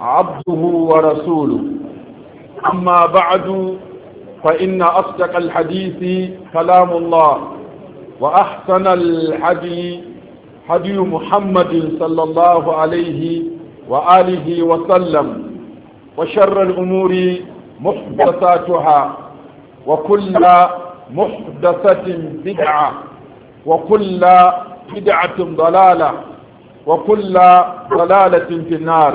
عبده ورسوله أما بعد فإن أصدق الحديث كلام الله وأحسن الحدي حدي محمد صلى الله عليه وآله وسلم وشر الأمور محدثاتها وكل محدثة بدعة وكل بدعة ضلالة وكل ضلالة في النار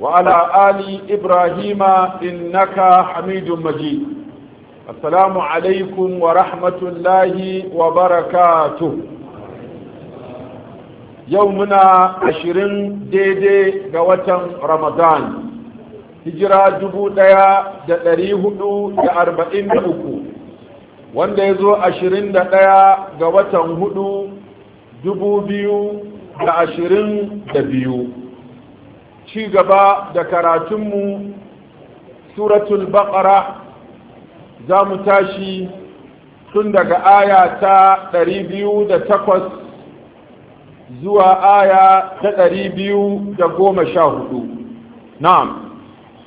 وعلى آل إبراهيم إنك حميد مجيد السلام عليكم ورحمة الله وبركاته يومنا عشرين ديدي قوتا رمضان هجرة جبودايا دقريه أربعين أكو wanda ya zo ashirin da ɗaya ga watan hudu dubu biyu da ashirin da biyu ci gaba da karatunmu suratul baqara za mu tashi tun daga aya ta 208 zuwa aya ta 214 na'am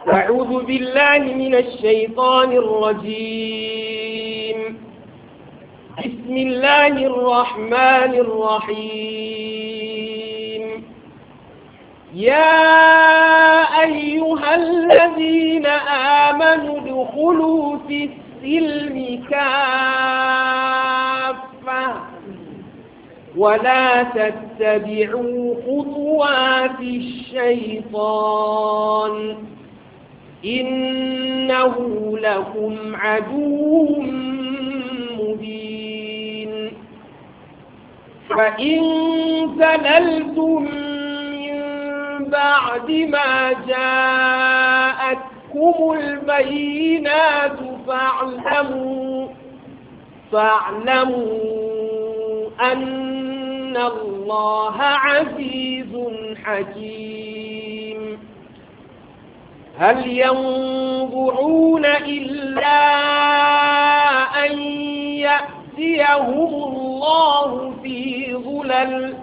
أعوذ بالله من الشيطان الرجيم بسم الله الرحمن الرحيم يا أيها الذين آمنوا ادخلوا في السلم كافة ولا تتبعوا خطوات الشيطان إنه لكم عدو مبين فإن زللتم بعد ما جاءتكم البينات فاعلموا فاعلموا أن الله عزيز حكيم هل ينظرون إلا أن يأتيهم الله في ظلل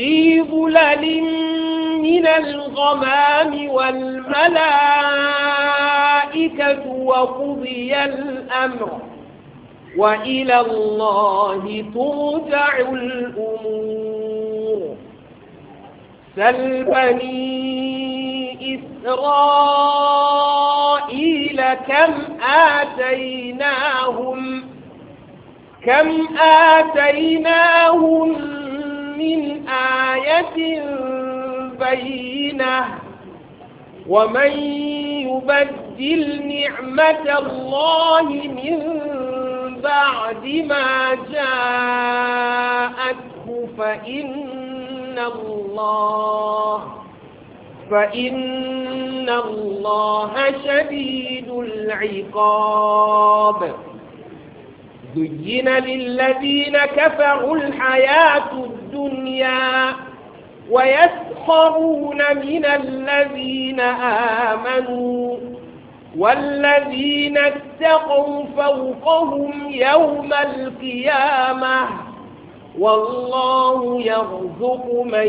في ظلل من الغمام والملائكة وقضي الأمر وإلى الله ترجع الأمور سل بني إسرائيل كم آتيناهم كم آتيناهم من آية بينة ومن يبدل نعمة الله من بعد ما جاءته فإن الله فإن الله شديد العقاب زين للذين كفروا الحياة الدنيا ويسخرون من الذين آمنوا والذين اتقوا فوقهم يوم القيامة والله يرزق من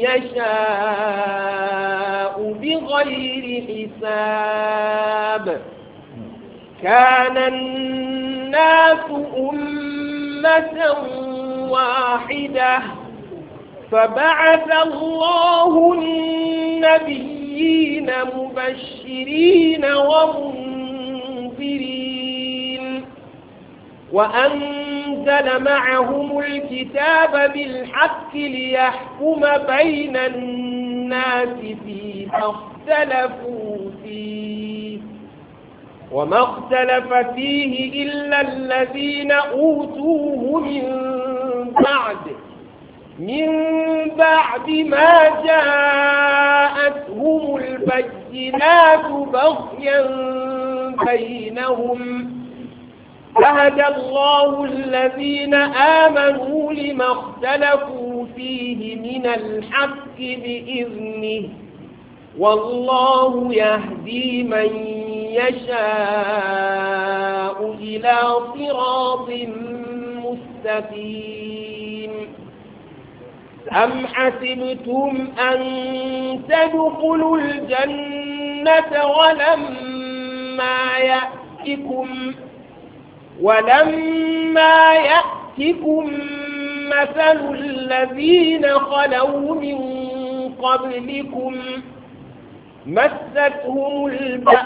يشاء بغير حساب كان الناس أمة واحدة فبعث الله النبيين مبشرين ومنذرين وأنزل معهم الكتاب بالحق ليحكم بين الناس فيه فاختلفوا فيه وما اختلف فيه إلا الذين أوتوه من بعد من بعد ما جاءتهم البينات بغيا بينهم فهدى الله الذين آمنوا لما اختلفوا فيه من الحق بإذنه والله يهدي من يشاء إلى صراط مستقيم أم حسبتم أن تدخلوا الجنة ولما يأتكم ولما يأتكم مثل الذين خلوا من قبلكم ۖ مستهم البأساء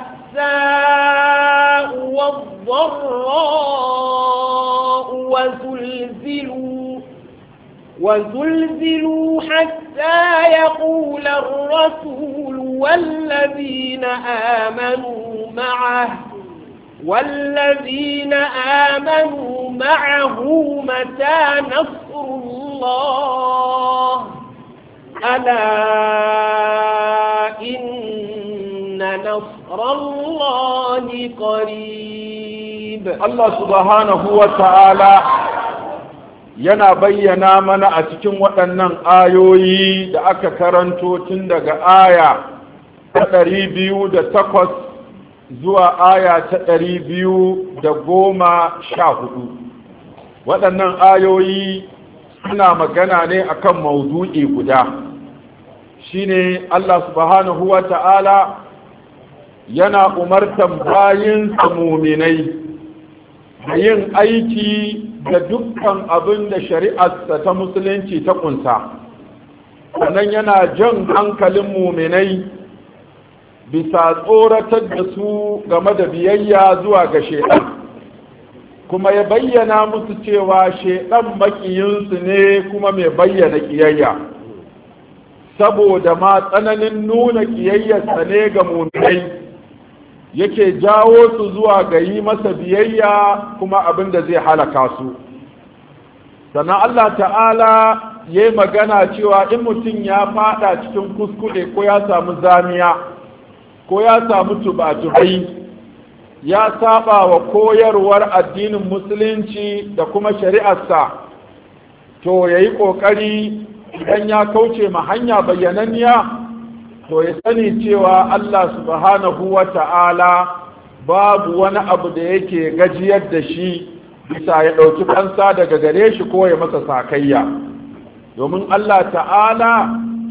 والضراء وزلزلوا وزلزلوا حتى يقول الرسول والذين آمنوا معه والذين آمنوا معه متى نصر الله ألا إن نصر الله Allah wa Ta'ala yana bayyana mana a cikin waɗannan ayoyi da aka karanto tun daga aya ta ɗari biyu da takwas zuwa aya ta ɗari biyu da goma sha hudu waɗannan ayoyi suna magana ne akan maudu'i guda shine Allah subhanahu wa ta'ala yana umartan bayin muminai da yin aiki da dukkan abin da shari'arsa ta musulunci ta ƙunsa sannan yana jan hankalin muminai bisa tsoratar da su game da biyayya zuwa ga shaidan kuma ya bayyana musu cewa shaidan makiyinsu ne kuma mai bayyana kiyayya. saboda ma tsananin nuna kiyayyarsa ne ga muminai yake jawo su zuwa ga yi masa biyayya kuma abin da zai halaka su sannan Allah ta'ala ya yi magana cewa in mutum ya fada cikin kuskure ko ya samu zamiya ko ya samu tubatubai ya saba wa koyarwar addinin musulunci da kuma shari'arsa to ya yi ƙoƙari idan ya kauce ma hanya bayyananniya to ya sani cewa Allah subhanahu wa ta'ala babu wani abu da yake gajiyar da shi bisa ya ɗauki kansa daga gare shi ko ya masa sakayya domin Allah ta'ala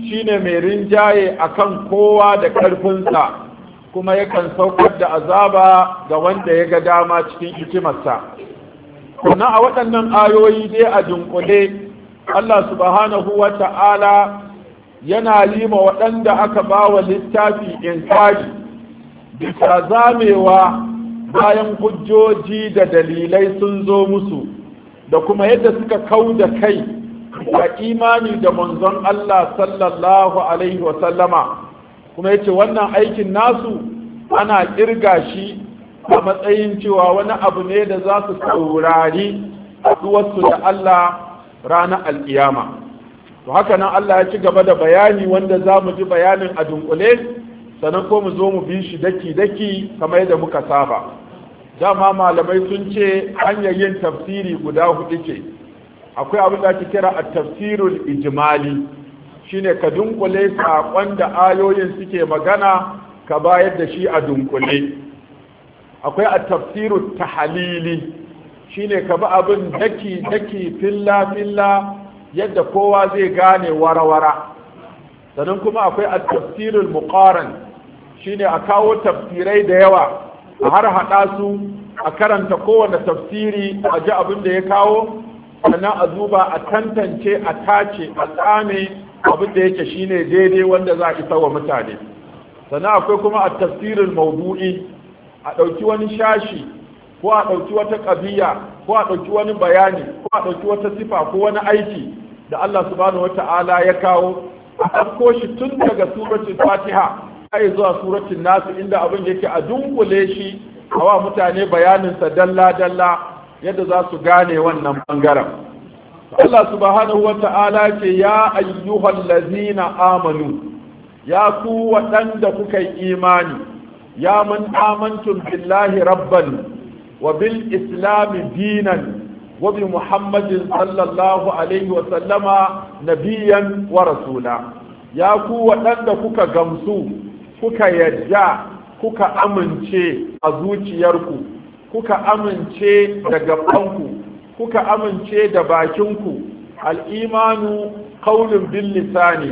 shi ne mai rinjaye a kan kowa da ƙarfinsa kuma yakan saukar da azaba ga wanda ya ga dama cikin hikimarsa kuna a waɗannan ayoyi dai a dunkule Allah subhanahu wa ta'ala yana lima waɗanda aka ba wa littafi inkari bisa zamewa bayan hujjoji da dalilai sun zo musu da kuma yadda suka kau da kai da imani da manzon Allah sallallahu alaihi wasallama kuma yace wannan aikin nasu ana ƙirga shi a matsayin cewa wani abu ne da za su saurari haɗuwarsu da Allah ranar alkiyama to haka nan Allah ya ci gaba da bayani wanda za mu ji bayanin a dunkule sannan ko mu zo mu bi shi daki-daki kamar yadda muka saba dama malamai sun ce hanyar yin tafsiri guda hudu ce akwai abin da ake kira a tafsirul ijimali shine ka dunkule saƙon da ayoyin suke magana ka bayar da shi a dunkule akwai a tafsirul tahalili shine ka bi abin daki daki filla filla yadda kowa zai gane warawara sannan kuma akwai tafsirin muƙaran, shi shine a kawo tafsirai da yawa a har haɗa su a karanta kowane tafsiri a ji abin da ya kawo sannan a zuba a tantance a tace a tsame abin da yake shine daidai wanda za a isa wa mutane sannan akwai kuma a tafsirin maudu'i a ɗauki wani shashi ko a ɗauki wata ƙabiya ko a ɗauki wani bayani ko a ɗauki wata sifa ko wani aiki da Allah subhanahu wata'ala ya kawo a ɗauko shi tun daga suratul fatiha ai zuwa suratul nasu inda abin yake a dunkule shi a wa mutane bayaninsa dalla dalla yadda za su gane wannan bangaren Allah subhanahu wata'ala ce ya ayyuhal lazina amanu ya ku waɗanda kuka yi imani ya mun amantun billahi rabban وبالإسلام دينا وبمحمد صلى الله عليه وسلم نبيا ورسولا يا قوة عندك غمسو kuka yadda kuka amince a zuciyarku kuka amince da gabanku kuka amince da bakinku al'imanu qaulun bil lisani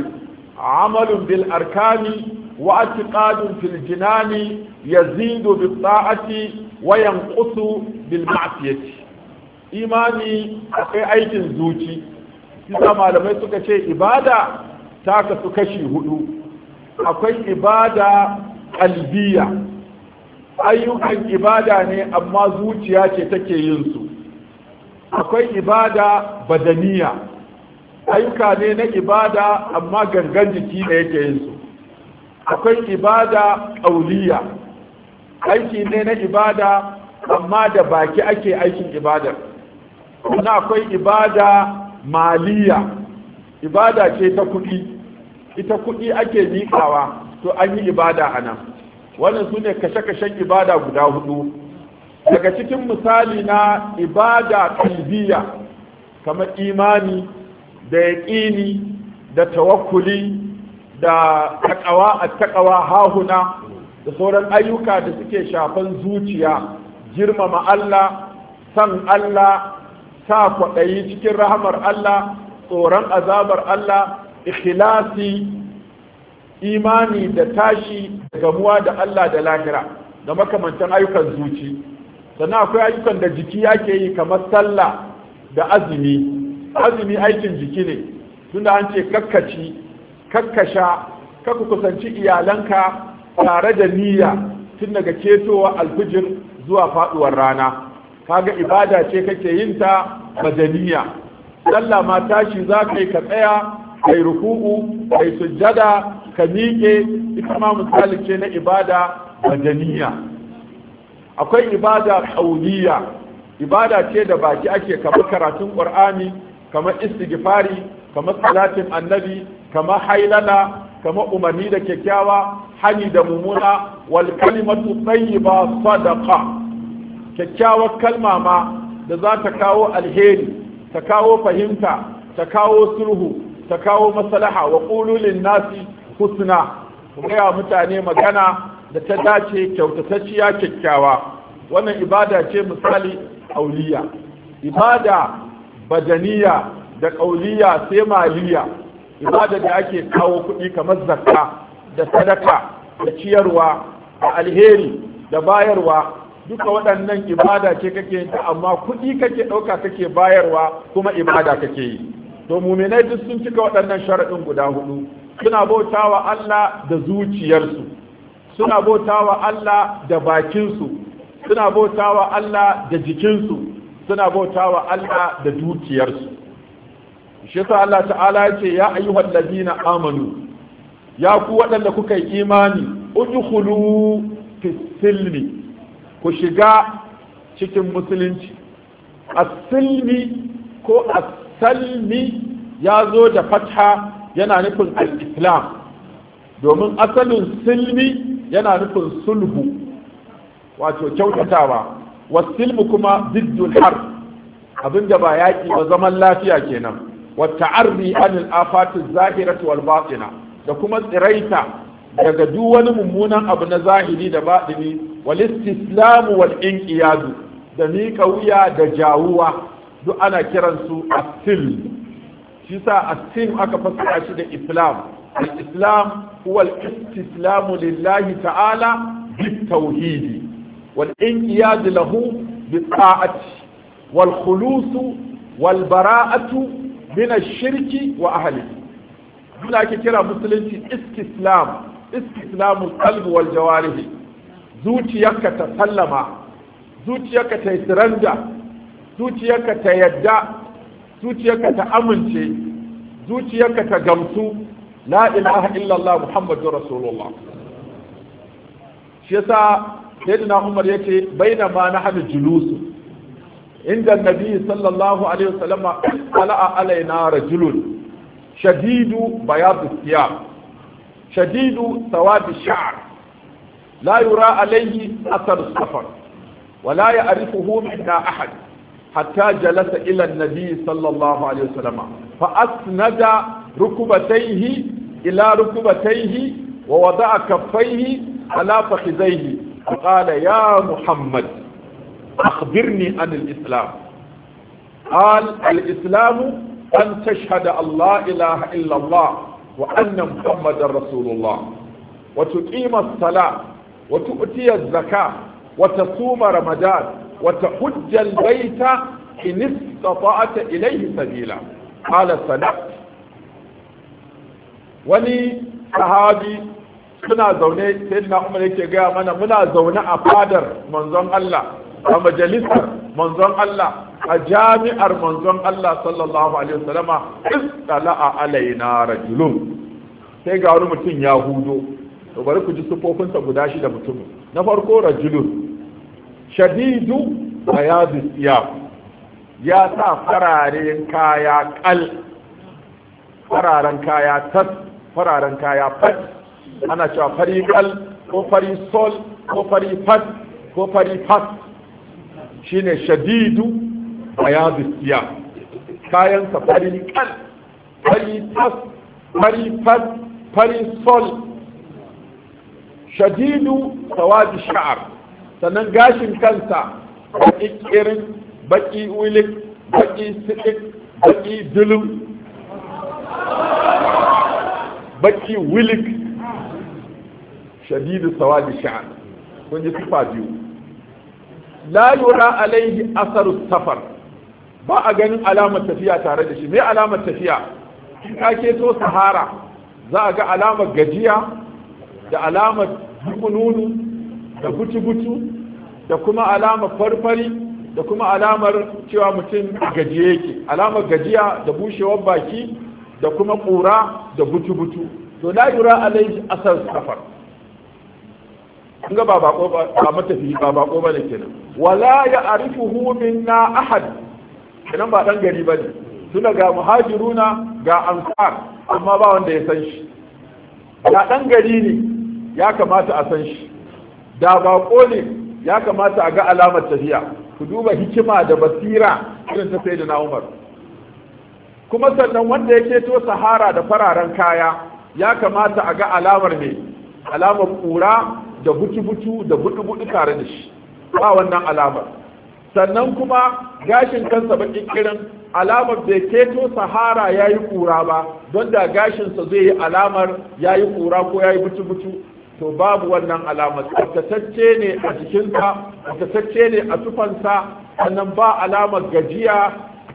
amalun bil arkani واعتقاد في الجنان يزيد بالطاعة وينقص بالمعصية imani akwai aikin zuci sisa malamai suka ce ibada ta kasu kashi hudu akwai ibada kalbiya ayyukan ibada ne amma zuciya ce take yin su akwai ibada badaniya ayyuka ne na ibada amma gangan jiki ne yake yin su akwai ibada ƙauliya aiki ne na ibada amma da baki ake aikin ibada. sannan akwai ibada maliya ibada ce ta kuɗi ita kuɗi ake miƙawa to an yi ibada a nan wannan su ne kashe-kashen ibada guda hudu daga cikin misali na ibada kalbiya kamar imani da yaƙini da tawakkuli da takawa a takawa hahuna da sauran ayyuka da suke shafan zuciya girmama Allah san Allah sa kwaɗayi cikin rahamar Allah tsoron azabar Allah ikhlasi imani da tashi da gamuwa da Allah da lahira da makamantan ayyukan zuci sannan akwai ayyukan da jiki yake yi kamar sallah da azumi azumi aikin jiki ne tunda an ce kakkaci kakkasha ku kusanci iyalanka tare da niyya tun daga ketowa alfijir zuwa faduwar rana kaga ibada ce kake yin ta madaniya sallah ma tashi za ka ka tsaya kai ruku'u kai sujjada ka miƙe ita ma misali ce na ibada madaniya akwai ibada qauliya ibada ce da baki ake kamar karatun qur'ani kamar istighfari kamar salatin annabi kama hailala kama umarni da kyakkyawa hani da mumuna, wal kalimatu tayyiba sadaqa kyakkyawar kalma ma da za ta kawo alheri ta kawo fahimta ta kawo sulhu ta kawo maslaha wa qulu lin nasi husna kuma mutane magana da ta dace kyautatacciya kyakkyawa wannan ibada ce misali auliya ibada badaniya da kauliya sai maliya ibada da ake kawo kuɗi kamar zakka da sadaka da ciyarwa da alheri da bayarwa duka waɗannan ibada ce kake yin ta amma kuɗi kake ɗauka kake bayarwa kuma ibada kake yi to muminai duk sun cika waɗannan sharaɗin guda hudu suna bautawa Allah da zuciyarsu suna bautawa Allah da bakinsu suna bautawa Allah da jikinsu suna bautawa Allah da dukiyarsu shi yasa Allah ta'ala ya ce ya ayyuhal ladina amanu ya ku waɗanda kuka yi imani udkhulu fi silmi ku shiga cikin musulunci as-silmi ko as-salmi ya zo da fatha yana nufin al-islam domin asalin silmi yana nufin sulhu wato kyautatawa wasilmu kuma ziddul har da ba yaƙi ba zaman lafiya kenan wa ta'arri anil afati zahirati wal batina da kuma tsiraita daga duk wani mummunan abu na zahiri da batini wal istislamu wal inqiyadu da miƙa wuya da jawuwa duk ana kiransu asil shi sa asil aka fassara shi da islam الإسلام هو الاستسلام لله تعالى بالتوحيد والانقياد له بالطاعة والخلوص والبراءة mina shirki wa ahali, duna ake kira musulunci istislam istislamul kalbi wal jawarihi zuciyarka ta sallama zuciyarka ta siranda, zuciyarka ta yadda zuciyarka ta amince zuciyarka ta gamsu la ilaha illallah muhammadur rasulullah shi yasa sayyidina umar yace na nahnu julusu عند النبي صلى الله عليه وسلم طلع علينا رجل شديد بياض الثياب شديد سواد الشعر لا يرى عليه أثر السفر ولا يعرفه منا أحد حتى جلس إلى النبي صلى الله عليه وسلم فأسند ركبتيه إلى ركبتيه ووضع كفيه على فخذيه فقال يا محمد أخبرني عن الإسلام قال الإسلام أن تشهد الله إله إلا الله وأن محمد رسول الله وتقيم الصلاة وتؤتي الزكاة وتصوم رمضان وتحج البيت إن استطعت إليه سبيلا قال صدقت ولي صحابي suna زوني سيدنا عمر يجي yake gaya زوني muna من زون الله a majalisar manzon Allah a jami'ar manzon Allah sallallahu alaihi wasallama istala'a alaina rajulun sai ga wani mutum ya hudo to bari ku ji sufofinsa guda shi da mutumin na farko rajulun shadidu bayadu siyaf ya sa fararen kaya kal fararen kaya tas fararen kaya fat ana cewa fari kal ko fari sol ko fari fat ko fari fat shine shadidu bayadu siya kayan sa fari kan fari tas fari fas fari sol shadidu sawadi sha'ar sannan gashin kansa baki kirin baki wilik baki sidik baki dulum baki wilik shadidu sawadi sha'ar kun ji sifa biyu la yura alaihi asaru safar ba a ganin alamar tafiya tare da shi me alamar tafiya in ka sahara za a ga alamar gajiya da alamar dukununu da butu-butu da kuma alamar farfari da kuma alamar cewa mutum gajiye yake alamar gajiya da bushewar baki da kuma ƙura da butu-butu to la yura alaihi asar safar kun ga ba bako ba matafi ba bako ba ne kenan wala ya arifuhu minna ahad kenan ba dan gari bane tuna ga muhajiruna ga ansar amma ba wanda ya san shi da dan gari ne ya kamata a san shi da bako ne ya kamata a ga alamar tafiya ku duba hikima da basira irin ta sai na umar kuma sannan wanda yake to sahara da fararen kaya ya kamata a ga alamar ne alamar kura da butu-butu da budu-budu tare da shi ba wannan alamar sannan kuma gashin kansa bakin kirin alamar bai keto sahara ya yi kura ba don da gashinsa zai yi alamar ya yi kura ko ya yi butu-butu to babu wannan alamar tsaftatacce ne a jikinsa tsaftatacce ne a tufansa sannan ba alamar gajiya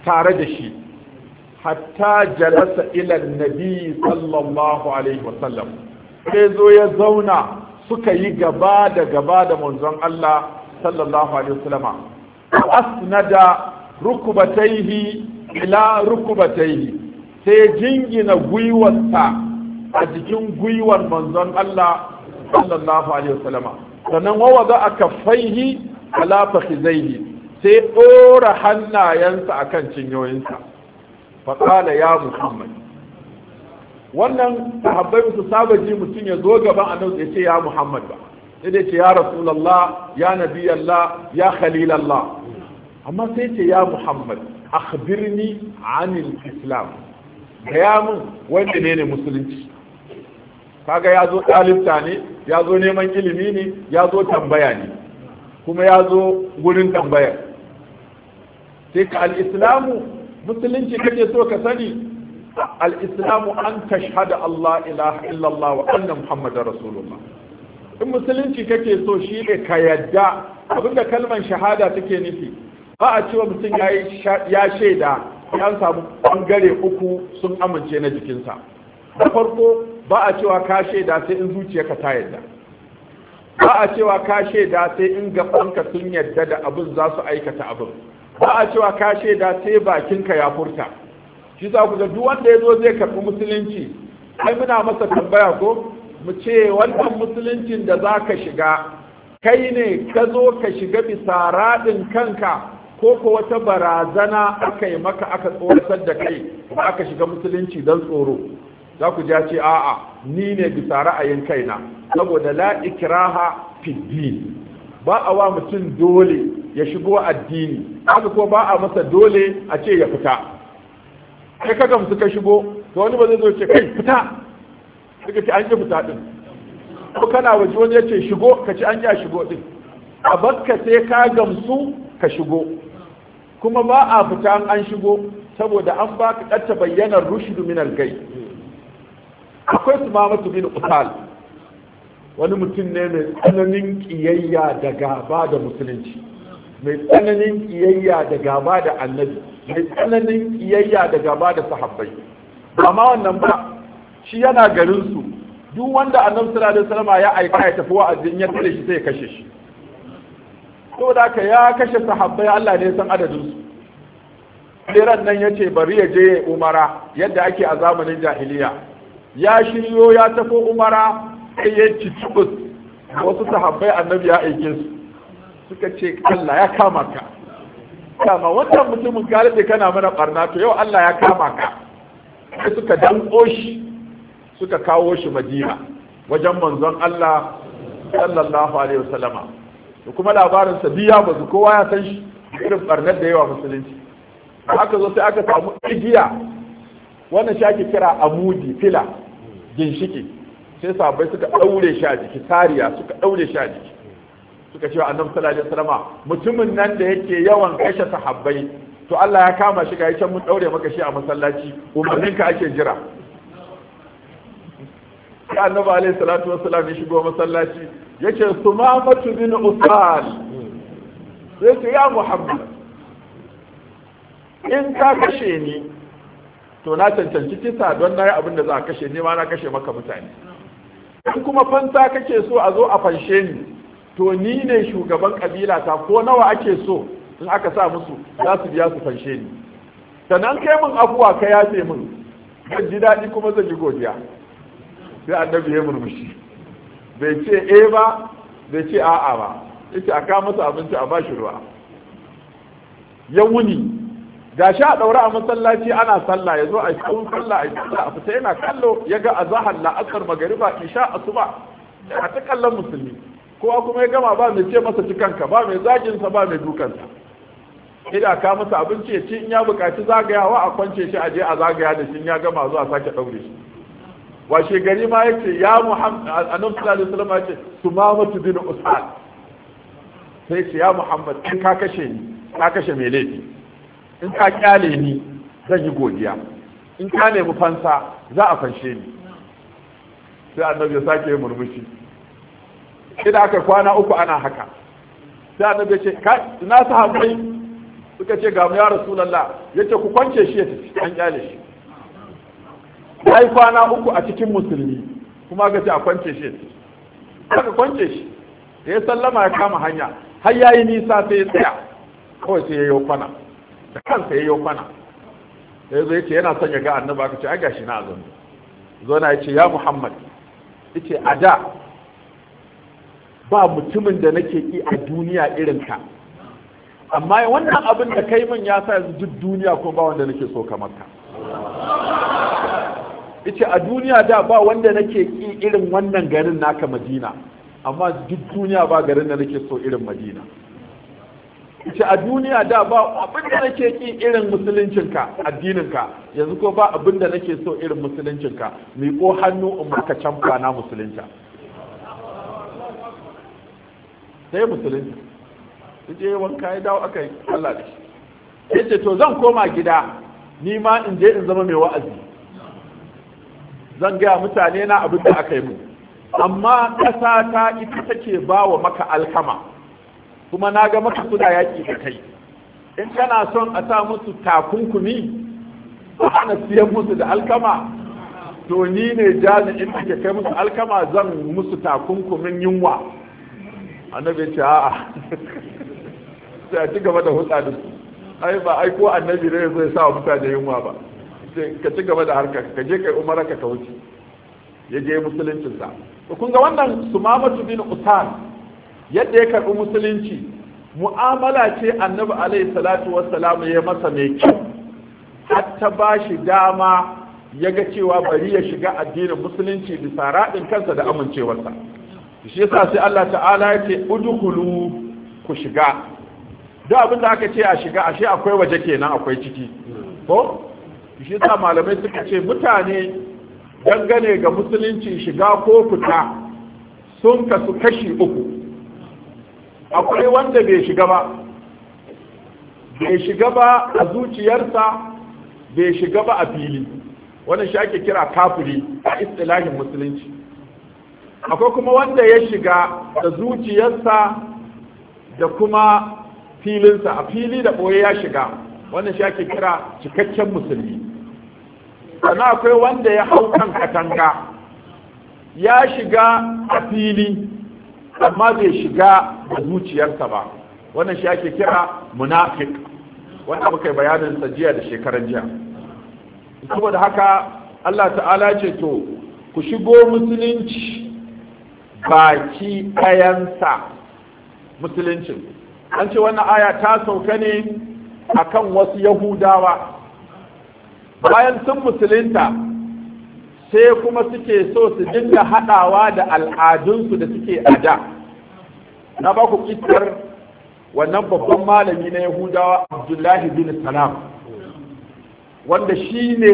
tare da shi hatta jalasa ilan nabi sallallahu alaihi wasallam sai zo ya zauna suka yi gaba da gaba da manzon Allah sallallahu alaihi wasallam asnada rukubataihi ila rukubataihi sai jingina gwiwarsa a jikin gwiwar manzon Allah sallallahu alaihi wasallam sannan wawaza a kafaihi ala fakhizaihi sai dora hannayensa akan cinyoyinsa faqala ya muhammad wannan sahabbai su saba ji mutum ya zo gaban annabi ya ce ya Muhammad ba sai dai ce ya Rasulullah ya Nabi Allah ya Khalil Allah amma sai ce ya Muhammad akhbirni anil islam gaya min wanda ne ne musulunci kaga ya zo ɗalibta ne ya zo neman ilimi ne ya zo tambaya ne kuma ya zo gurin tambayar sai ka al'islamu musulunci kake so ka sani al-islamu an tashhada Allah الا الله وان محمد رسول الله in musulunci kake so shi ne ka yadda abinda kalmar shahada take nufi ba a cewa mutum ya shaida ya samu bangare uku sun amince na jikinsa da farko ba a cewa ka shaida sai in zuciyarka ta yadda ba a cewa ka shaida sai in gabanka sun yadda da abin za su aikata abin ba a cewa ka shaida sai bakinka ya furta shi za ku ga duk wanda ya zo zai karɓi musulunci ai muna masa tambaya ko mu ce wannan musuluncin da za ka shiga kai ne ka zo ka shiga bisa raɗin kanka ko ko wata barazana aka yi maka aka tsoratar da kai kuma aka shiga musulunci don tsoro za ku ja ce a'a ni ne bisa ra'ayin kaina saboda la ikraha fi din ba a wa mutum dole ya shigo addini haka ko ba a masa dole a ce ya fita sai ka gamsu ka shigo to wani ba zai zo ce kai fita suka ce an yi fita din ko kana waje wani ya shigo ka ci an shigo din a bakka sai ka gamsu ka shigo kuma ba a fita an shigo saboda an ba ka ɗatta bayyanar rushidu minar gai akwai su mamatu bin wani mutum ne mai tsananin kiyayya daga gaba da musulunci mai tsananin kiyayya da gaba da annabi mai tsananin kiyayya da gaba da sahabbai amma wannan ba shi yana garin su duk wanda annabi sallallahu alaihi wasallam ya aika ya tafi wa'azin ya tare shi sai ya kashe shi da ka ya kashe sahabbai Allah ne san adadin su ran nan ya ce bari ya je umara yadda ake a zamanin jahiliya ya shiryo ya tafi umara sai ya ci wasu sahabbai annabi ya aike su suka ce Allah ya kama ka kama wannan mutumin galibi kana mana barna to yau Allah ya kama ka sai suka danko shi suka kawo shi Madina wajen manzon Allah sallallahu alaihi wasallama da kuma labarin sa biya ba su kowa ya san shi irin barnar da yawa musulunci aka zo sai aka samu igiya wannan shaki kira amudi fila ginshiki sai sabai suka daure shi a jiki tariya suka daure shi a jiki suka cewa annabi sallallahu alaihi wasallam mutumin nan da yake yawan kashe sahabbai to Allah ya kama shi ga can mun daure maka shi a masallaci umarnin ka ake jira Ya annabi alaihi salatu wasallam ya shigo masallaci yace sumamatu bin usal sai ce ya muhammad in ka kashe ni to na cancanci kisa don na yi abin da za a kashe ni ma na kashe maka mutane in kuma fanta kake so a zo a fanshe ni to ni ne shugaban kabila ta ko nawa ake so in aka sa musu za su biya su fanshe ni sannan kai mun afuwa ka yafe min zan ji daɗi kuma zan yi godiya sai annabi ya murmushi bai ce eh ba bai ce a'a ba yace a kawo masa abinci a bashi ruwa ya wuni gashi a ɗaura a masallaci ana sallah ya zo a kawun sallah a sallah a fita yana kallo ya ga a azahar la'asar magariba isha asuba a ta kallon musulmi kowa kuma ya gama ba mai ce masa cikanka, ba mai zaginsa ba mai dukansa Ina ka masa abinci ya ci in ya bukaci zagayawa a kwance shi aje a zagaya da shi ya gama zuwa sake daure shi Wa gari ma yace ya muhammad annabi sallallahu alaihi wasallam yace sumamatu bin usad sai ce ya muhammad in ka kashe ni ka kashe mai laifi in ka kyale ni zan yi godiya in ka nemi fansa za a fanshe ni sai annabi ya sake murmushi idan aka kwana uku ana haka sai annabi ce kai na sahabbai suka ce ga mu ya rasulullah yace ku kwance shi ya tafi an kyale shi dai kwana uku a cikin musulmi kuma ga ce a kwance shi aka kwance shi Da ya sallama ya kama hanya har yayi nisa sai ya tsaya kawai sai ya yi kwana da kansa ya yi kwana ya zo yace yana son ya ga annabi aka ce ai gashi na azumi zo na yace ya muhammad yace a da ba mutumin da nake ki a duniya irin ka amma wannan abin da kai min ya sa yanzu duk duniya ko ba wanda nake so kamar ka ita a duniya da ba wanda nake ki irin wannan garin naka madina amma duk duniya ba garin da nake so irin madina ita a duniya da ba abin da nake ki irin musuluncinka addininka yanzu ko ba abin da nake so irin musuluncinka ko hannu in maka canfa na musulunta sai musulunci su je wanka ya dawo aka yi Allah da shi ya ce to zan koma gida ni ma in je in zama mai wa'azi zan gaya mutane na abin da aka yi mu amma ƙasa ta ita take ba wa maka alkama kuma na ga maka suna yaƙi da kai in kana son a sa musu takunkumi a siyan musu da alkama to ni ne jami'in da ke kai musu alkama zan musu takunkumin yunwa annabi ya ce a'a sai a ci gaba da hutsa da su ai ba ai ko annabi ne zai sa mutane yunwa ba ka ci gaba da harka ka je kai umara ka wuce. ya je musulunci sa to kun ga wannan sumamatu bin usan yadda ya karbi musulunci mu'amala ce annabi alayhi salatu wassalam ya masa mai kyau hatta ba shi dama ya ga cewa bari ya shiga addinin musulunci bisa raɗin kansa da amincewarsa shi yasa sai Allah ta'ala ya ce udkhulu ku shiga duk abin da aka ce a shiga ashe akwai waje kenan akwai ciki ko shi yasa malamai suka ce mutane dangane ga musulunci shiga ko fita sun kasu kashi uku akwai wanda bai shiga ba bai shiga ba a zuciyarsa bai shiga ba a fili wannan shi ake kira kafiri a istilahin musulunci akwai kuma wanda ya shiga da zuciyarsa da kuma filinsa a fili da ɓoye ya shiga wannan shi ake kira cikakken musulmi sannan akwai wanda ya hau kan katanga ya shiga a fili amma bai shiga da zuciyarsa ba wannan shi ake kira munafik wanda muka yi bayanin jiya da shekaran jiya saboda haka Allah ta'ala ce to ku shigo musulunci baki ɗayansa musuluncin an ce wannan aya ta sauka ne akan wasu yahudawa bayan sun musulunta sai kuma suke so su dinga haɗawa da al'adunsu da suke a da na ba ku kisar wannan babban malami na yahudawa abdullahi bin salam wanda shi ne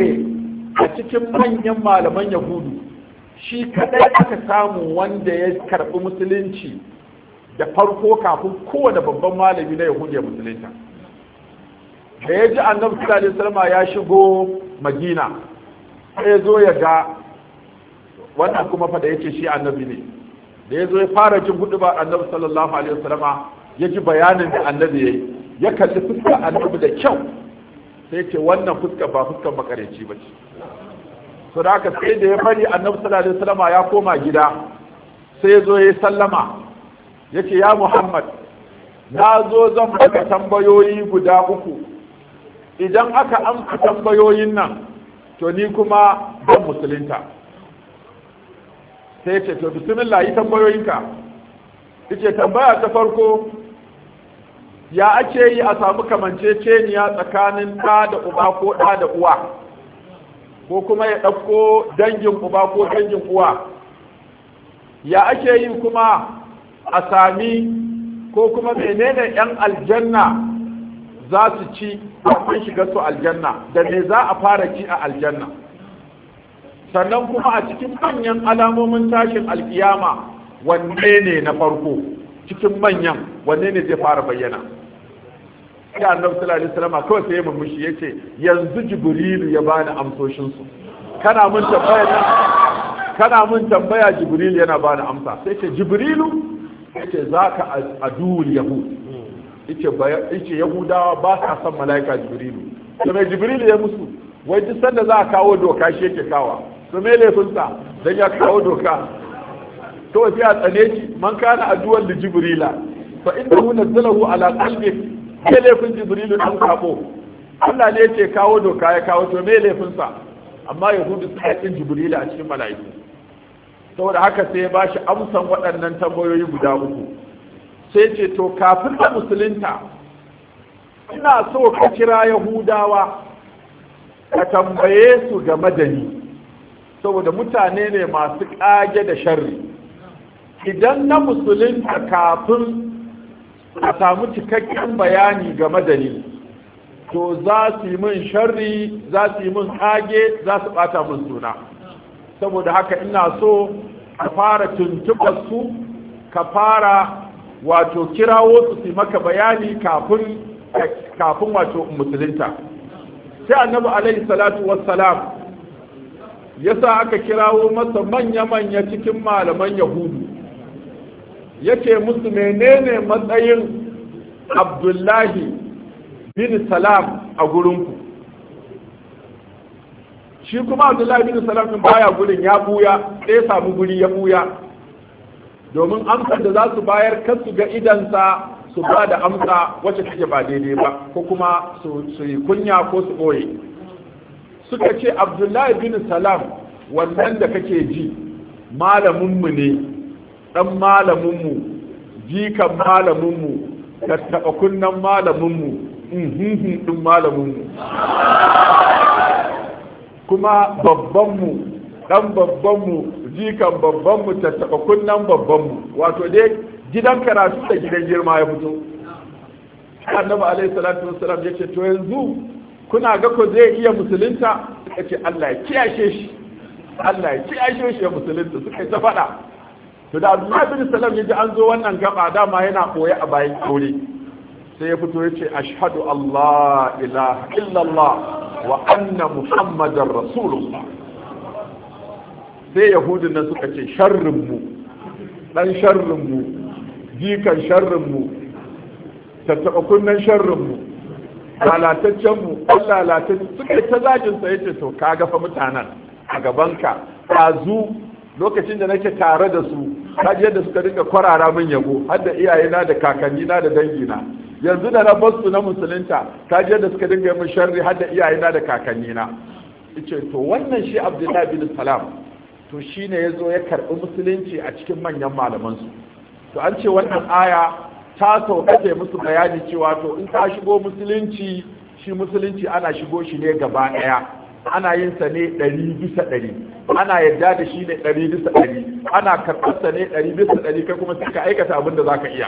a cikin manyan malaman yahudu shi kadai aka samu wanda ya karbi musulunci da farko kafin kowane babban malami na yahudiya musulunta da ya ji annabi sallallahu alaihi ya shigo madina sai ya zo ya ga wannan kuma fada ce shi annabi ne da ya zo ya fara jin hudu ba annabi sallallahu alaihi salama, ya ji bayanin da annabi yayi ya kalli fuskar annabi da kyau sai ce wannan fuska ba fuskar makareci ba ce su da aka sai da ya fari annabi sallallahu alaihi wasallam ya koma gida sai zo ya sallama yace ya muhammad na zo zan baka tambayoyi guda uku idan aka amsa tambayoyin nan to ni kuma ban musulunta sai ce to bismillah yi tambayoyinka yace tambaya ta farko ya ake yi a samu kamanceceniya tsakanin ɗa da uba ko ɗa da uwa ko kuma ya ɗauko dangin uba ko dangin uwa ya ake yi kuma a sami ko kuma menene 'yan aljanna za su ci an shiga su aljanna da me za a fara ci a aljanna sannan kuma a cikin manyan alamomin tashin alƙiyama, wanne ne na farko cikin manyan wanne ne zai fara bayyana sai annabi sallallahu alaihi wasallam kawai sai ya murmushi yace yanzu jibrilu ya bani amsoshin su kana mun tambaya kana mun tambaya jibrilu yana bani amsa sai ce jibrilu yace zaka adul yahud yace yahudawa ba sa son malaika jibrilu to mai jibrilu ya musu wai duk sanda za a kawo doka shi yake kawa to me laifinsa dan ya kawo doka to sai a tsane shi man kana aduwan da jibrila fa hu nazzalahu ala qalbi me laifin jibrilu ɗan kafo, Allah ne ce kawo doka ya kawo to me laifin amma yahudu suna kin jibrilu a cikin mala'iku saboda haka sai ya ba shi amsan waɗannan tambayoyi guda uku sai ce to kafin da musulunta ina so ka kira yahudawa ka tambaye su game da ni saboda mutane ne masu ƙage da sharri idan na musulunta kafin a samu cikakken bayani game da ni to za su yi min sharri za su yi min hage za su bata min suna saboda haka ina so ka fara tuntuɓar su ka fara wato kirawo su su maka bayani kafin wato musulunta sai annabi alaihi salatu wassalam ya sa aka kirawo masa manya-manya cikin malaman yahudu yake musu menene matsayin abdullahi bin salam a gurinku shi kuma abdullahi bin salam ɗin baya gurin ya buya ɗaya samu guri ya buya domin amsar da za su bayar kan su ga idansa su ba da amsa wacce kake ba daidai ba ko kuma su yi kunya ko su ɓoye suka ce abdullahi bin salam wannan da kake ji malaminmu ne ɗan malaminmu jikan malaminmu tattaɓa kunnan malaminmu inhinhin ɗin malaminmu kuma babbanmu ɗan babbanmu jikan babbanmu tattaɓa kunnan babbanmu wato dai gidan karatu da gidan girma ya fito annabi alaihi salatu wassalam ya ce to yanzu kuna ga ko zai iya musulunta suka ce Allah ya kiyashe shi Allah ya kiyashe shi ya musulunta suka ta faɗa to da abdullahi bin salam yaji an zo wannan gaba dama yana koya a bayan aure sai ya fito ya ce ashhadu allah ilaha illallah wa anna muhammadar rasulullah sai yahudun nan suka ce sharrin mu dan sharrin mu jikan sharrin mu tattaba kunnen sharrin mu lalataccen mu lalataccen suka ta zagin ya ce to kaga fa mutanen a gabanka ɗazu lokacin da nake tare da su kaji yadda suka dinga kwarara min yabo har da iyayena da kakannina da dangina yanzu da na basu na musulunta kaji yadda suka dinga min sharri har da iyayena da kakannina ice to wannan shi abdullahi bin salam to shine yazo ya karɓi musulunci a cikin manyan malaman su to an ce wannan aya ta sauƙaƙe musu bayani cewa to in ka shigo musulunci shi musulunci ana shigo shi ne gaba ɗaya ana yin sa ne ɗari bisa ɗari ana yarda da shi ne ɗari bisa ɗari ana karɓar sa ne ɗari bisa ɗari kai kuma sai ka aikata abin da za ka iya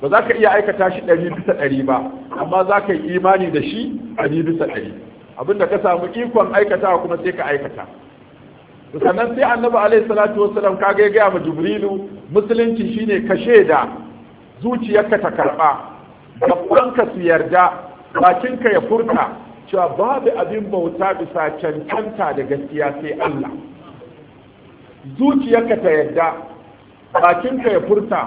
ba za ka iya aikata shi ɗari bisa ɗari ba amma za ka yi imani da shi ɗari bisa ɗari abin da ka samu ikon aikata kuma sai ka aikata sannan sai annabi alaihi salatu wasalam ka ga gaya ma jibrilu musulunci shine ka shaida zuciyarka ta karɓa ka su yarda bakinka ya furta cewa babu abin bauta bisa cancanta da gaskiya sai Allah zuciyarka ta yadda bakinka ya furta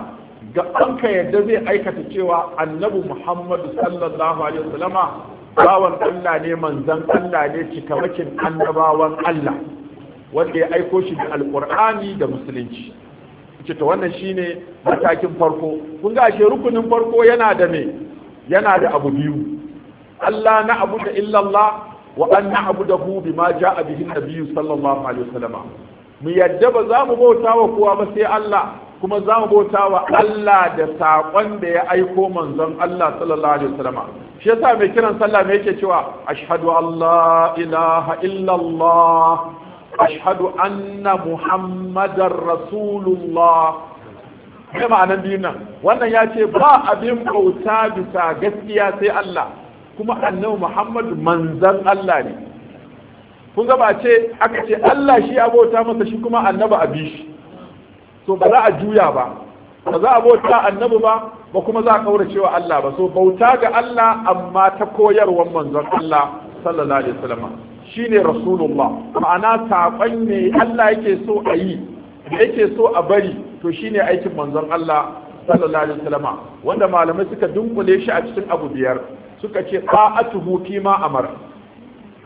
ga ɗanka yadda zai aikata cewa annabi Muhammadu sallallahu alaihi wasallama bawan Allah ne manzan Allah ne cikamakin annabawan Allah wanda ya aiko shi da alkur'ani da musulunci ce ta wannan shine matakin farko kun ga rukunin farko yana da me yana da abu biyu Allah na abu da illallah wa an na abu da hu bi ma ja a bihin biyu sallallahu alaihi wasallama mu yadda ba za mu bauta wa kowa ba sai Allah kuma za mu bauta wa Allah da saƙon da ya aiko manzon Allah sallallahu alaihi wasallama shi yasa mai kiran sallah me yake cewa ashhadu an la ilaha illallah ashhadu anna muhammadar rasulullah me ma'anan biyun nan wannan ya ce ba abin bauta bisa gaskiya sai Allah kuma annabi Muhammad manzan Allah ne kun ga ba ce aka ce Allah shi bauta masa shi kuma annabi abi shi so ba za a juya ba ba za a bauta annabi ba ba kuma za a kaurace wa Allah ba so bauta ga Allah amma ta koyarwar manzon Allah sallallahu alaihi wasallam shine rasulullah ma'ana saƙon ne Allah yake so a yi yake so a bari to shine aikin manzon Allah sallallahu alaihi wasallam wanda malamai suka dunkule shi a cikin abu biyar suka ce ta'atuhu fi ma amara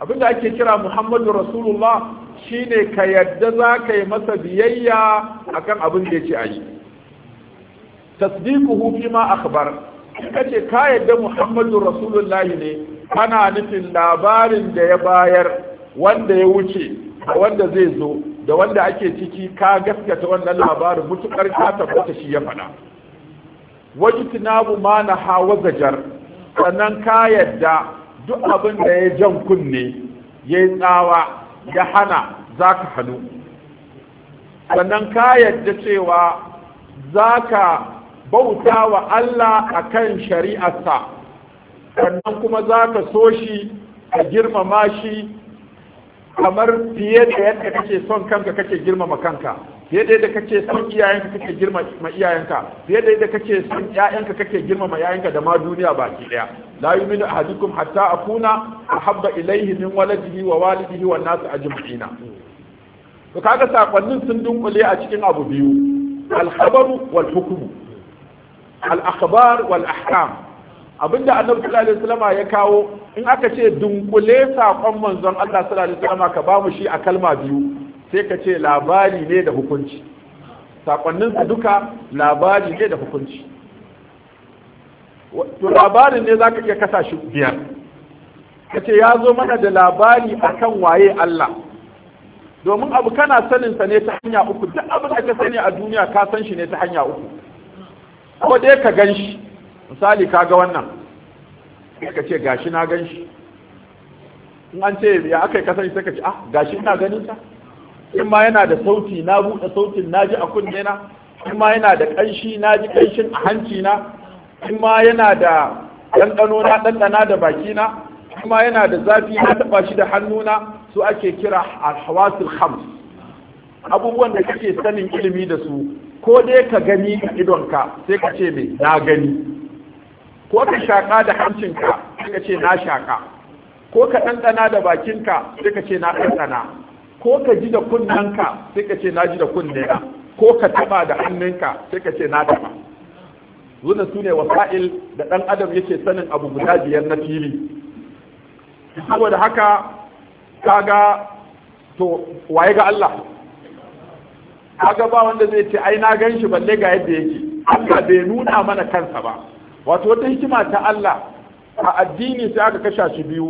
abinda ake kira muhammadu rasulullah shine ka yadda za ka yi masa biyayya akan abin da yake ayi tasdiquhu fi ma akhbar suka ce ka yadda muhammadu rasulullah ne kana nufin labarin da ya bayar wanda ya wuce wanda zai zo da wanda ake ciki ka gaskata wannan labarin mutukar ka tabbata shi ya faɗa wajtinabu ma hawa zajar sannan ka yadda duk abin da ya jan kunne ya yi tsawa ya hana za ka hannu sannan ka yadda cewa za ka bauta wa Allah a kan shari'arsa sannan kuma za ka so shi ka girmama shi kamar fiye da yadda kake son kanka kake girmama kanka fiye da yadda kake son iyayenka kake girma ma iyayenka fiye da yadda kake kake girma ma da ma duniya baki daya la yuminu ahadukum hatta akuna ahabba ilayhi min waladihi wa walidihi wan nas ajma'ina to kaga sakonnin sun dunkule a cikin abu biyu al-khabaru wal hukmu al-akhbar wal ahkam abinda annabi sallallahu alaihi wasallam ya kawo in aka ce dunkule sakon manzon Allah sallallahu alaihi wasallam ka ba mu shi a kalma biyu sai ka ce labari ne da hukunci su duka labari ne da hukunci to labarin ne za ka iya kasa shi biyar ka ce ya zo mana da labari akan waye Allah domin abu kana saninsa ne ta hanya uku duk abin da ka sani a duniya ka san shi ne ta hanya uku ko dai ka gan shi misali ka ga wannan ka ce gashi na gan shi in an ce ya aka yi kasance sai ka ce ah gashi ina ganin ta in ma yana da sauti na buɗe sautin na ji a kunne na in ma yana da ƙanshi na ji ƙanshin a hanci na in ma yana da ɗanɗano na ɗanɗana da baki na in ma yana da zafi na taɓa shi da hannu na su ake kira alhawasul khams abubuwan da kake sanin ilimi da su ko dai ka gani a idonka sai ka ce me na gani ko ka shaƙa da hancinka sai ka ce na shaƙa ko ka ɗanɗana da bakinka sai ka ce na ɗanɗana ko ka ji da kunnanka sai ka ce na ji da kunnena ko ka taba da hannunka sai ka ce na taba zuna su ne wasa'il da ɗan adam yake sanin abu guda biyar na fili saboda haka ga to waye ga Allah ga ba wanda zai ce ai na gan shi balle ga yadda yake Allah bai nuna mana kansa ba wato wata hikima ta Allah a addini sai aka kasha shi biyu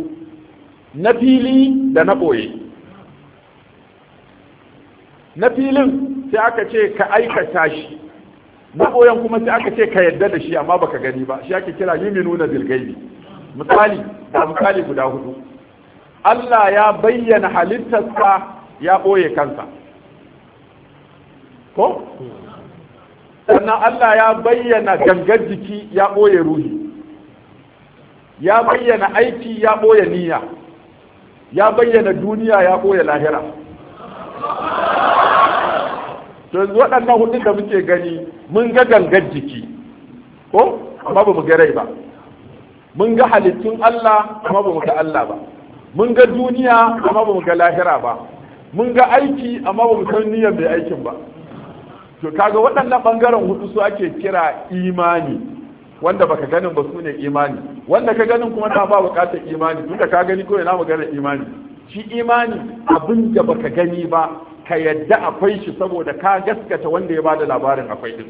na fili da na ɓoye na filin sai aka ce ka aikata shi na koyon kuma sai aka ce ka yadda da shi amma baka gani ba shi ake kira yuminuna bil gaibi misali da misali guda hudu Allah ya bayyana halittarsa ya ɓoye kansa ko sannan Allah ya bayyana gangar jiki ya ɓoye ruhi ya bayyana aiki ya ɓoye niyya ya bayyana duniya ya ɓoye lahira to yanzu waɗannan hudun da muke gani mun ga gangar jiki ko amma ba mu ga rai ba mun ga halittun Allah amma ba mu ga Allah ba mun ga duniya amma ba mu ga lahira ba mun ga aiki amma ba mu san niyyar mai aikin ba to kaga waɗannan ɓangaren hudu su ake kira imani wanda baka ganin ba su ne imani wanda ka ganin kuma ta ba bukatar imani da ka gani ko ina magana imani shi imani abin da baka gani ba ka yadda akwai shi saboda ka gaskata wanda ya bada labarin akwai din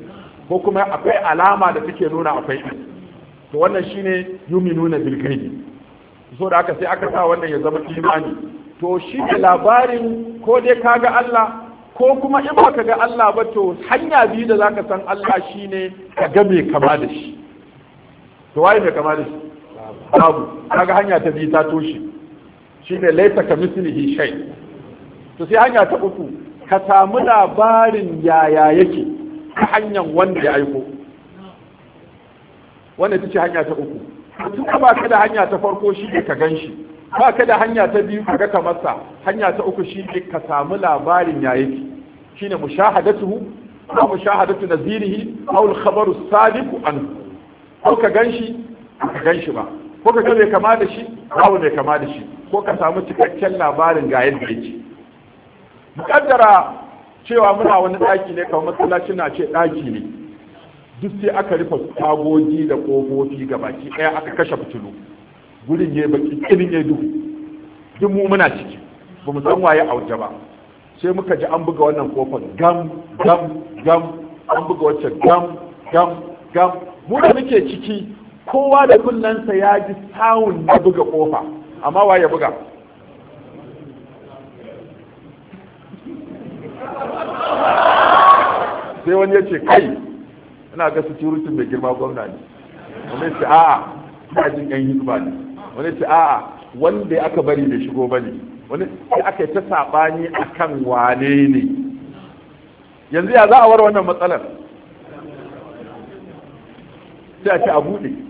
ko kuma akwai alama da take nuna akwai din to wannan shine yuminuna bil ghaibi so da aka sai aka sa wannan ya zama imani to shi ne labarin ko dai ka ga Allah ko kuma in baka ga Allah ba to hanya biyu da zaka san Allah shine ka ga mai kama da shi to waye mai kama da shi babu kaga hanya ta biyu ta toshe shine laisa ka mislihi shay to sai hanya ta uku ka samu labarin yaya yake ta hanyar wanda ya aiko wannan ita ce hanya ta uku tun ba ka da hanya ta farko shi ne ka gan shi ba ka da hanya ta biyu ka ga kamarsa hanya ta uku shi ne ka samu labarin ya yake shi ne mushahadatuhu ko mushahadatu nazirihi aw al-khabaru sadiq an ko ka gan shi ka gan shi ba ko ka ga kama da shi babu mai kama da shi ko ka samu cikakken labarin ga yadda yake mukaddara cewa muna wani daki ne kamar masallaci na ce daki ne duk sai aka rufe tagogi da kofofi ga baki ɗaya aka kashe fitilu gurin ne baki kirin ne duhu duk mu muna ciki ba mu san waye auje ba sai muka ji an buga wannan kofar gam gam gam an buga wacce gam gam gam mu da muke ciki kowa da kullansa ya ji sawun na buga kofa amma wa ya buga sai wani ya ce kai ina ga security mai girma gwamna ne wani ce a'a ina jin yan hizba ne wani ce a'a wanda aka bari bai shigo ba ne wani sai aka yi ta saɓani a kan wane ne yanzu ya za a war wannan matsalar sai a ce a buɗe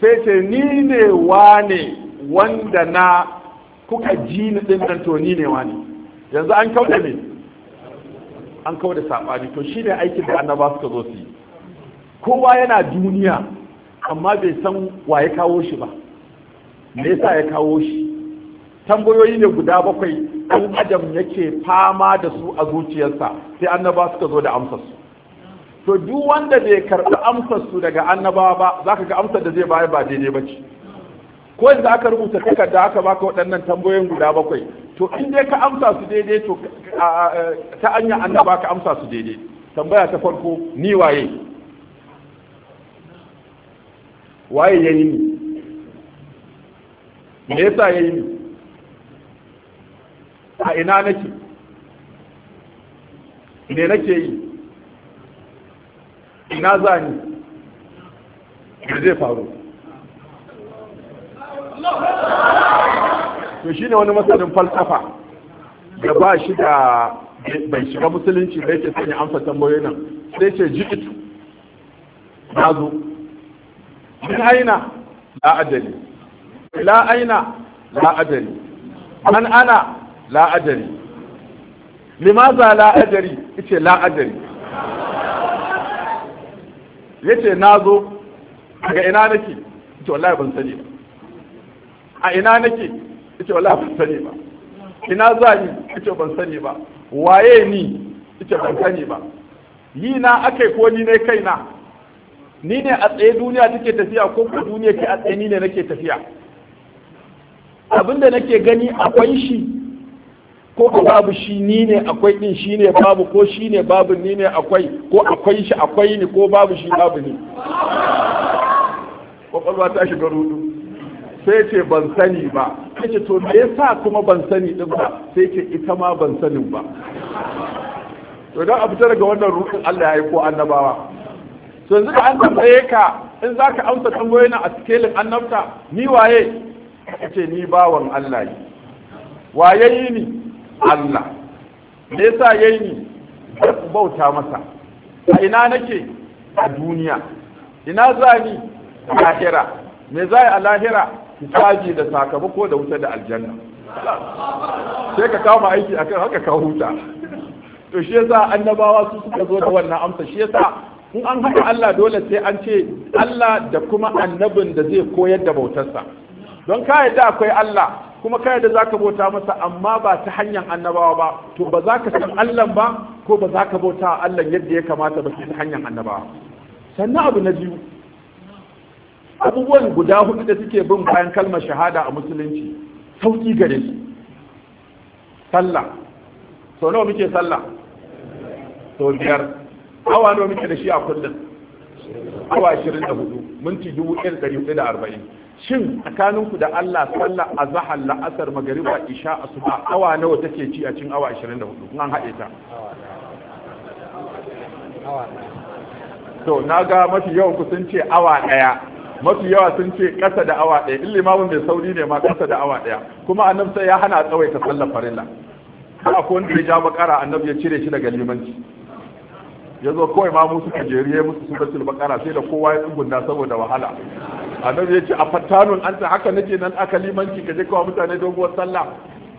sai ce ni ne wane wanda na kuka ji ni din nan to ni ne wane yanzu an kauda me an kauda sabani to shine aikin da annaba suka zo su yi kowa yana duniya amma bai san wa ya kawo shi ba me yasa ya kawo shi tambayoyi ne guda bakwai ɗan adam yake fama da su a zuciyarsa sai annaba suka zo da amsarsu to duk wanda bai karɓi amsar su daga annabawa ba za ka ga amsar da zai bayar ba daidai ba ce ko yanzu aka rubuta takarda aka baka waɗannan tambayoyin guda bakwai to in dai ka amsa su daidai to ta anya annaba ka amsa su daidai tambaya ta farko ni waye waye yayi ni me yasa yayi ni a ina nake me nake yi ina za ni da zai faru to shi ne wani masanin falsafa da ba shi da bai shiga musulunci ke yake sanya amsa tambayoyi nan sai ce jikitu na zo min aina la adali la aina la adali an ana la adali limaza la adari ice la adari yace nazo daga ina nake ita wallahi ban sani ba a ina nake ita wallahi ban sani ba ina za ni ita ban sani ba waye ni ita ban sani ba yi na akai ko ni ne kaina ni ne a tsaye duniya take tafiya ko ko duniya ke a tsaye ni ne nake tafiya abinda nake gani akwai shi ko ko babu shi ni ne akwai din shi ne babu ko shi ne babu ni ne akwai ko akwai shi akwai ni ko babu shi babu ni kwakwalwa ta shiga rudu sai ce ban sani ba sai ce to me yasa kuma ban sani din ba sai ce ita ma ban sanin ba to dan a fita daga wannan rudin Allah ya yi ko annabawa to yanzu da an tambaye ka in zaka amsa tambayoyin a cikin annabta ni waye ce ni bawan Allah ne waye yi ni Allah me yasa yayi ni bauta masa a ina nake a duniya ina zani lahira me zai a lahira hisabi da sakamako da wuta da aljanna sai ka kama aiki akan haka ka huta to shi yasa annabawa su suka zo da wannan amsa shi yasa in an haka Allah dole sai an ce Allah da kuma annabin da zai koyar da bautarsa don ka yadda akwai Allah kuma kai da zaka bauta masa amma ba ta hanyar annabawa ba to ba za ka san Allah ba ko ba za ka bauta Allah yadda ya kamata ba ta hanyar annabawa sannan abu na biyu abubuwan guda hudu da suke bin bayan kalmar shahada a musulunci sauki gare su sallah sau nawa muke sallah sau biyar awa nawa muke da shi a kullum awa hudu minti arba'in. shin tsakaninku da Allah sallar azhar la'asar magariba isha asuba awa nawa take ci a cin awa 24 an haɗe ta to na ga mafi yawan ku sun ce awa ɗaya mafi yawa sun ce ƙasa da awa ɗaya in limamin mai sauri ne ma ƙasa da awa ɗaya kuma annabi sai ya hana tsawaita sallar farilla akwai wanda ya ja bakara annabi ya cire shi daga limanci ya zo kawai ma musu kajeriya musu suratul bakara sai da kowa ya tsugunna saboda wahala annabi ya ce a fattanun ta haka nake nan aka limanci je kawai mutane doguwar sallah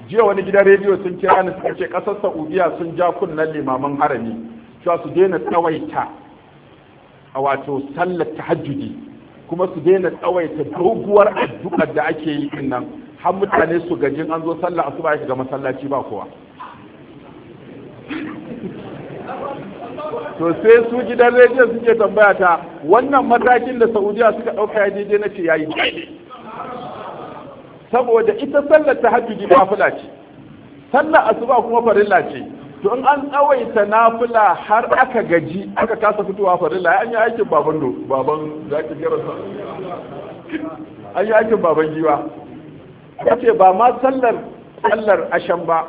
jiya wani gidan rediyo sun kira ni suka ce kasar saudiya sun ja kunnen limaman harami cewa su daina tsawaita a wato sallar tahajjudi kuma su daina tsawaita doguwar addu'ar da ake yi nan har mutane su gaji an zo sallah asuba ya shiga masallaci ba kowa to sai su gidan rediyo suke tambaya ta wannan matakin da saudiya suka ɗauka ya daidai na ce ya yi saboda ita sallar ta hajji fula ce sallar asuba kuma farilla ce to in an tsawaita nafila har aka gaji aka kasa fitowa farilla an yi aikin baban do baban za ki gara sa an yi aikin baban giwa ake ba ma sallar sallar ashan ba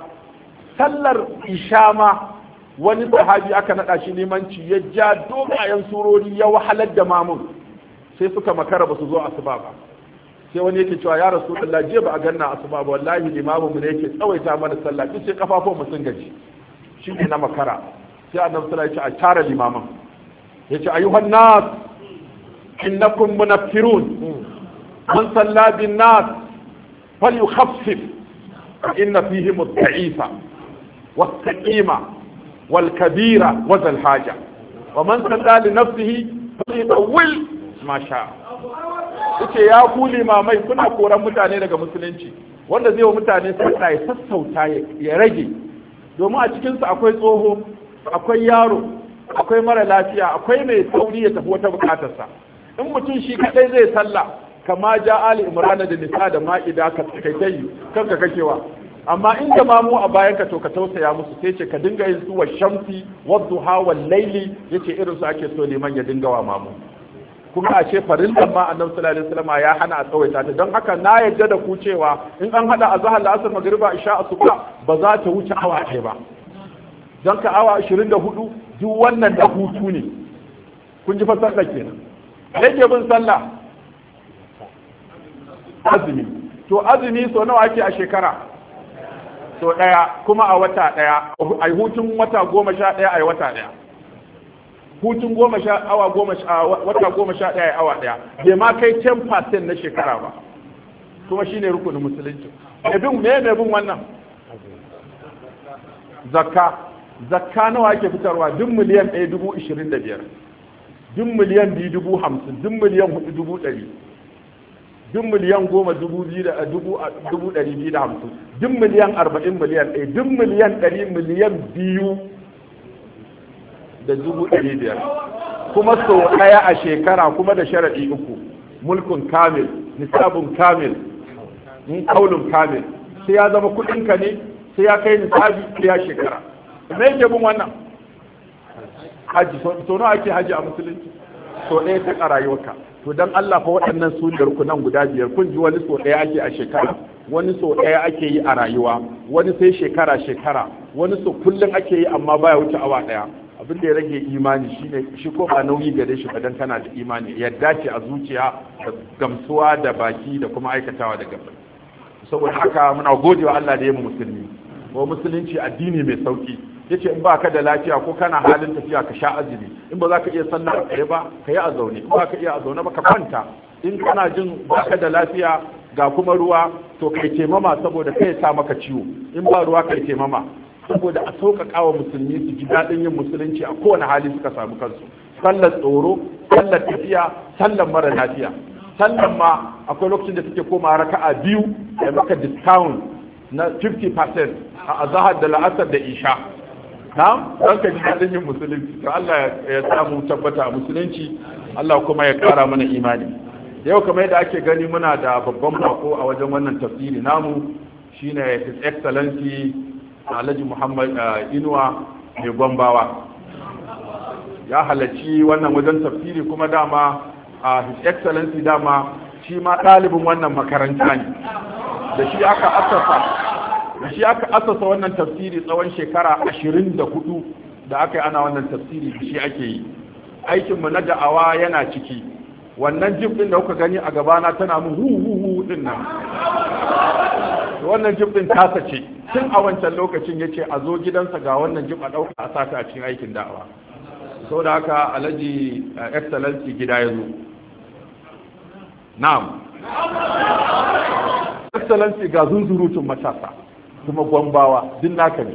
sallar isha ma wani sahabi aka naɗa shi limanci ya ja dogayen surori ya wahalar da mamun sai suka makara ba su zo asuba ba sai wani yake cewa ya rasu Allah je ba a ganna asuba ba wallahi limamin mu ne yake tsawaita mana sallah duk sai kafafun mu sun gaji shi ne na makara sai annabi sallallahu alaihi wasallam ya ce a tara limamin yace ayuhan nas innakum munaffirun man salla bin nas falyukhaffif inna fihim ad-da'ifa wal kabira wa zal haja wa man sanda li nafsihi ma mai, yace ya ku limamai kuna koran mutane daga musulunci wanda zai wa mutane sanda ya sassauta ya rage domin a cikinsu akwai tsoho akwai yaro akwai mara lafiya akwai mai sauri ya tafi wata bukatarsa in mutum shi kadai zai sallah kama ja ali imrana da nisa da ma'ida ka kai kanka kakewa amma in da mamu a bayan ka to ka tausaya musu sai ce ka dinga yin su wa shamsi wa duha wa laili yace irin su ake so neman ya dinga wa mamu kuma a ce farillan ma annabi sallallahu alaihi wasallam ya hana a tsawaita ta don haka na yadda da ku cewa in an hada azhar magariba magriba isha asuba ba za ta wuce awa ɗaya ba don ka awa 24 duk wannan da hutu ne kun ji da kenan yake bin sallah azumi to azumi so nawa ake a shekara so ɗaya kuma a wata ɗaya a hutun wata goma sha ɗaya a wata ɗaya hutun goma sha awa goma sha wata goma sha ɗaya awa ɗaya bai ma kai 10% na shekara ba kuma shine rukunin musulunci abin me ne bin wannan zakka zakka nawa ake fitarwa duk miliyan ɗaya dubu ishirin da biyar duk miliyan biyu dubu hamsin duk miliyan hudu dubu ɗari duk miliyan goma dubu biyu da dubu ɗari biyu da hamsin duk miliyan arba'in miliyan ɗaya duk miliyan ɗari miliyan biyu da dubu ɗari biyar kuma sau ɗaya a shekara kuma da sharaɗi uku mulkun kamil nisabun kamil kaulun kamil sai ya zama kuɗinka ne sai ya kai nisabi sai ya shekara me yake bin wannan haji sau nawa ake haji a musulunci Sau ɗaya ta rayuwarka to dan Allah fa waɗannan su ne rukunan guda biyar kun ji wani so ɗaya ake a shekara wani so ɗaya ake yi a rayuwa wani sai shekara shekara wani so kullum ake yi amma baya wuce awa ɗaya abin da ya rage imani shine shi ko ba nauyi gare shi ba dan kana da imani yadda ce a zuciya da gamsuwa da baki da kuma aikatawa da gaba saboda haka muna godewa Allah da ya mu musulmi ko musulunci addini mai sauki yace in baka da lafiya ko kana halin tafiya ka sha azumi in ba za ka iya sannan a tsaye ba ka yi a zaune in ba iya a zaune ba ka kwanta in kana jin baka da lafiya ga kuma ruwa to kai taimama saboda kai sa maka ciwo in ba ruwa kai taimama saboda a sauƙaƙa wa musulmi su ji daɗin yin musulunci a kowane hali suka samu kansu sallar tsoro sallar tafiya sallar mara lafiya sallar ma akwai lokacin da suke koma raka'a biyu da maka discount na 50% a azahar da la'asar da isha na'am don ka ji daɗin yin musulunci to Allah ya samu tabbata a musulunci Allah kuma ya ƙara mana imani yau kamar yadda ake gani muna da babban mako a wajen wannan tafsiri namu shine his excellency Alhaji Muhammad eh, Inuwa mai gombawa ya halarci wannan wajen tafsiri kuma dama a his excellency dama shi ma ɗalibin wannan makaranta ne da shi aka asafa shi aka asasa wannan tafsiri tsawon shekara 24 da aka yi ana wannan tafsiri shi ake yi aikin mu na da'awa yana ciki wannan jif din da kuka gani a gabana tana mu hu hu hu din nan wannan jif din tasa ce tun a wancan lokacin ya ce a zo gidansa ga wannan jif a ɗauka a sata a cikin aikin da'awa da haka alhaji eh, excellency gida ya zo na'am excellency ga zunzurutun matasa kuma gwambawa duk naka ne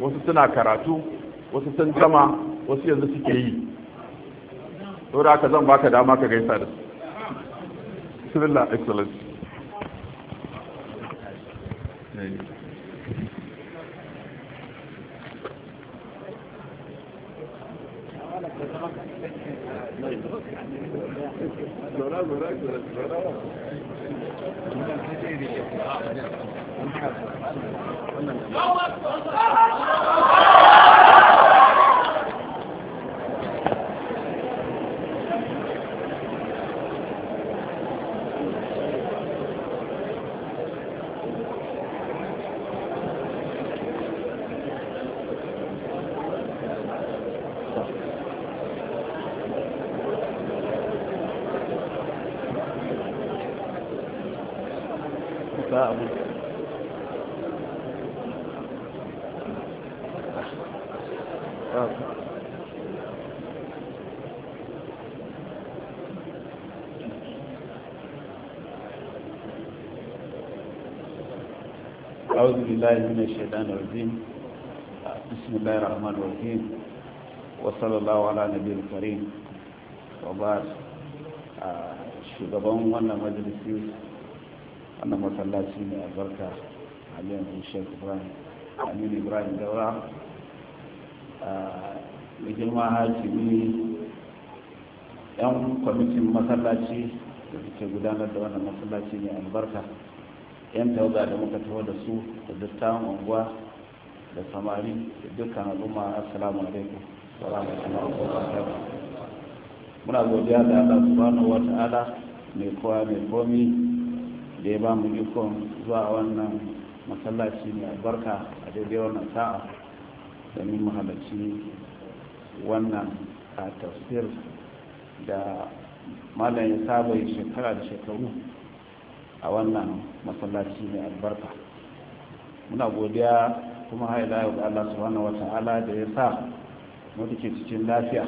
wasu suna karatu wasu sun gama wasu yanzu suke yi saboda haka zan baka dama ka gaisa da su excellence Thank you. wannan أعوذ بالله من الشيطان الرجيم بسم الله الرحمن الرحيم وصلى الله على نبي الكريم وبعد shugaban wannan majalisi wannan masallaci mai albarka aliyan ibrahim ibrahim daura da girma hakimi yan kwamitin masallaci da suke gudanar da wannan masallaci mai albarka yan tawaga da muka taho da su da dattawan unguwa da samari da dukkan al'umma assalamu alaikum muna godiya da Allah subhanahu wa ta'ala mai kowa mai komi da ya ba mu ikon zuwa wannan masallaci mai albarka a daidai wannan sa'a domin mu halarci wannan a tafsir da malam ya saba shekara da shekaru a wannan masallaci mai albarka muna godiya kuma haila ga Allah subhanahu wata'ala da ya sa mu cikin lafiya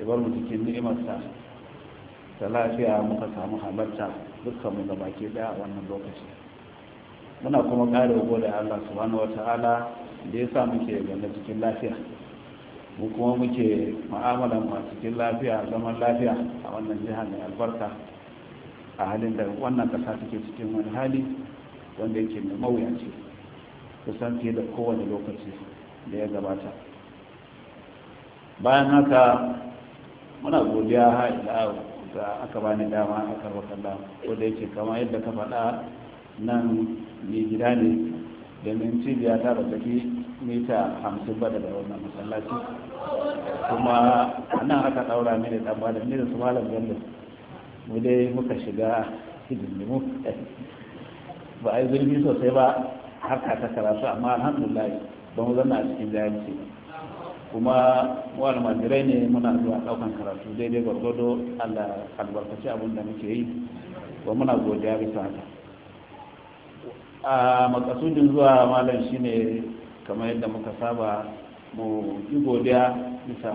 ya bar mu cikin ni'imarsa da lafiya muka samu halarta dukkan mu da baki daya a wannan lokaci muna kuma ƙara gode Allah subhanahu wata'ala da ya sa muke ganda cikin lafiya mu kuma muke ma'amala masu cikin lafiya zaman lafiya a wannan jiha mai albarka a halin da wannan kasa take cikin wani hali wanda yake mai mawuyaci kusan fiye da kowane lokaci da ya gabata bayan haka muna godiya haɗa da aka bani dama aka wakalla koda wadda yake kama yadda ka faɗa nan mai gida ne domin cibiya ta tafi mita hamsin ba daga wannan masallaci kuma nan aka ɗaura mini ɗan ba da su malam gandun mu dai muka shiga hidindimu ba a yi zurfi sosai ba ka ta karatu amma alhamdulillah ba mu zanna a cikin jahilci kuma mu majirai ne muna zuwa daukan karatu daidai gwargwado allah albarkaci abin da muke yi ba muna godiya bisa haka a makasudin zuwa malam shine kamar yadda muka saba mu yi godiya bisa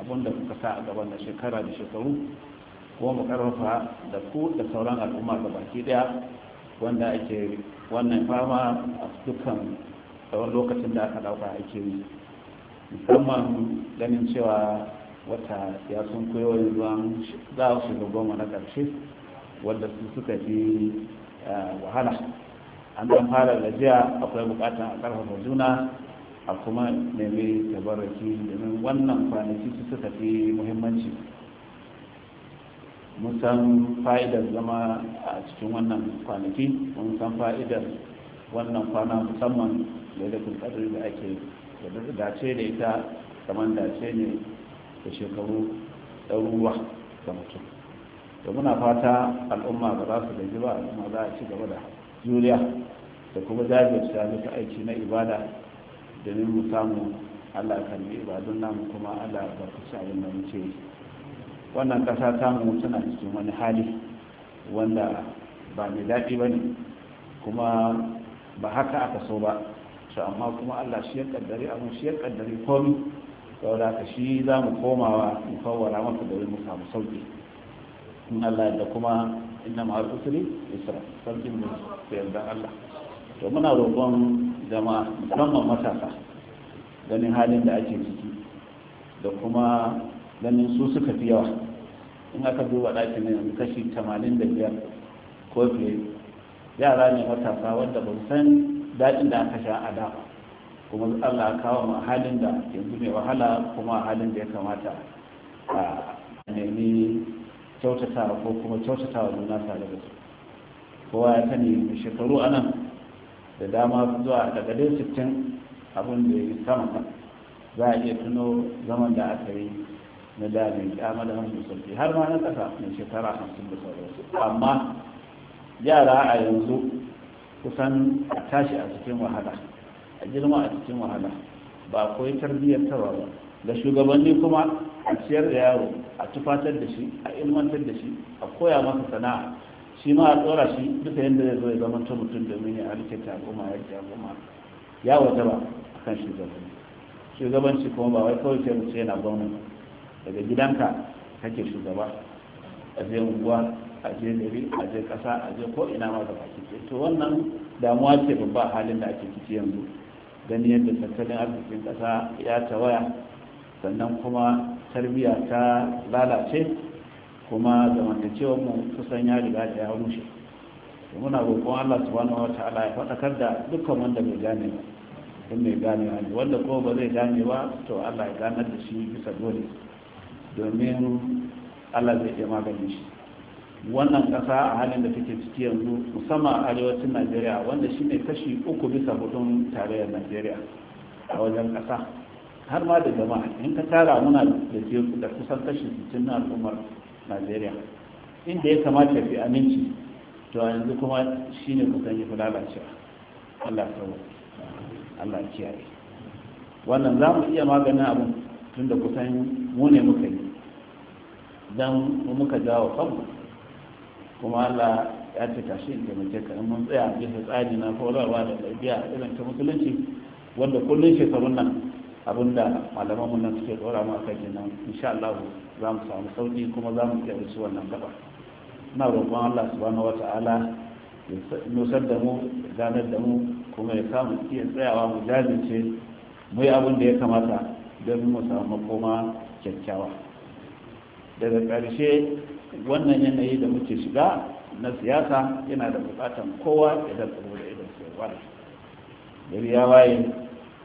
abin da kuka sa a gaban da shekara da shekaru kuma mu karfafa da ku da sauran al'umma ga baki daya wanda ake wannan fama a dukkan tsawon lokacin da aka dauka ake yi musamman ganin cewa wata ya sun koyo za su shiga goma na ƙarshe wanda su suka fi eh, wahala an ɗan fara gajiya akwai buƙatar a ƙarfafa juna a kuma nemi tabarraki domin wannan kwanaki su suka fi muhimmanci mun san fa'idar zama a cikin wannan kwanaki mun san fa'idar wannan kwana musamman da kun qadr da ake dace da ita kamar dace ne da shekaru ɗaruruwa ga mutum da muna fata al'umma ba za su gaji ba amma za a ci gaba da juriya da kuma jajirta musu aiki na ibada domin mu samu allah kan ibadun namu kuma allah barkaci abin da muke yi wannan ƙasa tamu suna cikin wani hali wanda ba mai daɗi ba ne kuma ba haka aka so ba su amma kuma allah shi ya ƙaddari abin shi ya ƙaddari komi saboda haka shi za mu komawa mu kawara masa da mu samu sauƙi in allah da kuma inna ma'ar usri isra sarkin mu da yardan allah to muna roƙon jama'a musamman matasa ganin halin da ake ciki da kuma ganin su suka fi yawa in aka duba ɗakin yanzu kashi tamanin da biyar ko fiye yara ne matasa wanda ba san daɗin da aka sha a da kuma allah kawo ma halin da yanzu mai wahala kuma halin da ya kamata a nemi kyautata ko kuma kyautatawa juna tare da su kowa ya sani shekaru a nan da dama zuwa daga dai sittin abin da ya sama za a iya tuno zaman da aka yi na da mai kyama da hannun sulki har ma na kasa mai shekara hamsin da sauransu amma yara a yanzu kusan a tashi a cikin wahala a girma a cikin wahala ba koyi tarbiyyar tawa ba da shugabanni kuma a ciyar da yaro a tufatar da shi a ilmantar da shi a koya masa sana'a shi ma a tsora shi duka yadda zai zo ya zama ta mutum domin ya harkar ta al'umma ya ta al'umma ya wata ba kan shugabanni shugabanci kuma ba wai kawai sai mutum yana gwamnati daga gidanka kake shugaba a je unguwa a je gari a je kasa a je ko ina ma da baki ke to wannan damuwa ce babba halin da ake ciki yanzu gani yadda tattalin arzikin kasa ya tawaya sannan kuma tarbiyya ta lalace kuma zamantakewar mu kusan ya riga da ya rushe muna roƙon Allah subhanahu ya faɗakar da dukkan wanda bai gane ba in mai gane wanda kuma ba zai gane ba to Allah ya ganar da shi bisa dole domin allah zai iya maganin shi wannan ƙasa a halin da take ciki yanzu musamman a arewacin najeriya wanda shi ne kashi uku bisa hudun tarayyar najeriya a wajen ƙasa har ma da jama'a in ka tara muna da da kusan kashi 60 na al'ummar najeriya inda ya kamata fi aminci to yanzu kuma shi ne kusan yi lalacewa allah sauwa allah kiyaye wannan za mu iya maganin abin tun da kusan mu ne muka yi don mu muka jawo kanmu kuma Allah ya ce tashi in da ka kan mun tsaya bisa tsari na horarwa da ɗabi'a irin ta musulunci wanda kullum shekaru nan abinda malaman mu nan suke dora mu kai kenan insha Allah za mu samu sauki kuma za mu kiyaye su wannan gaba ina roƙon Allah subhanahu wata'ala ya nusar da mu ya ganar da mu kuma ya samu iya tsayawa mu jajirce mu yi abin da ya kamata don mu samu kuma kyakkyawa daga ƙarshe wannan yanayi da muke shiga na siyasa yana da bukatan kowa idan da idan tsohuwar gari ya waye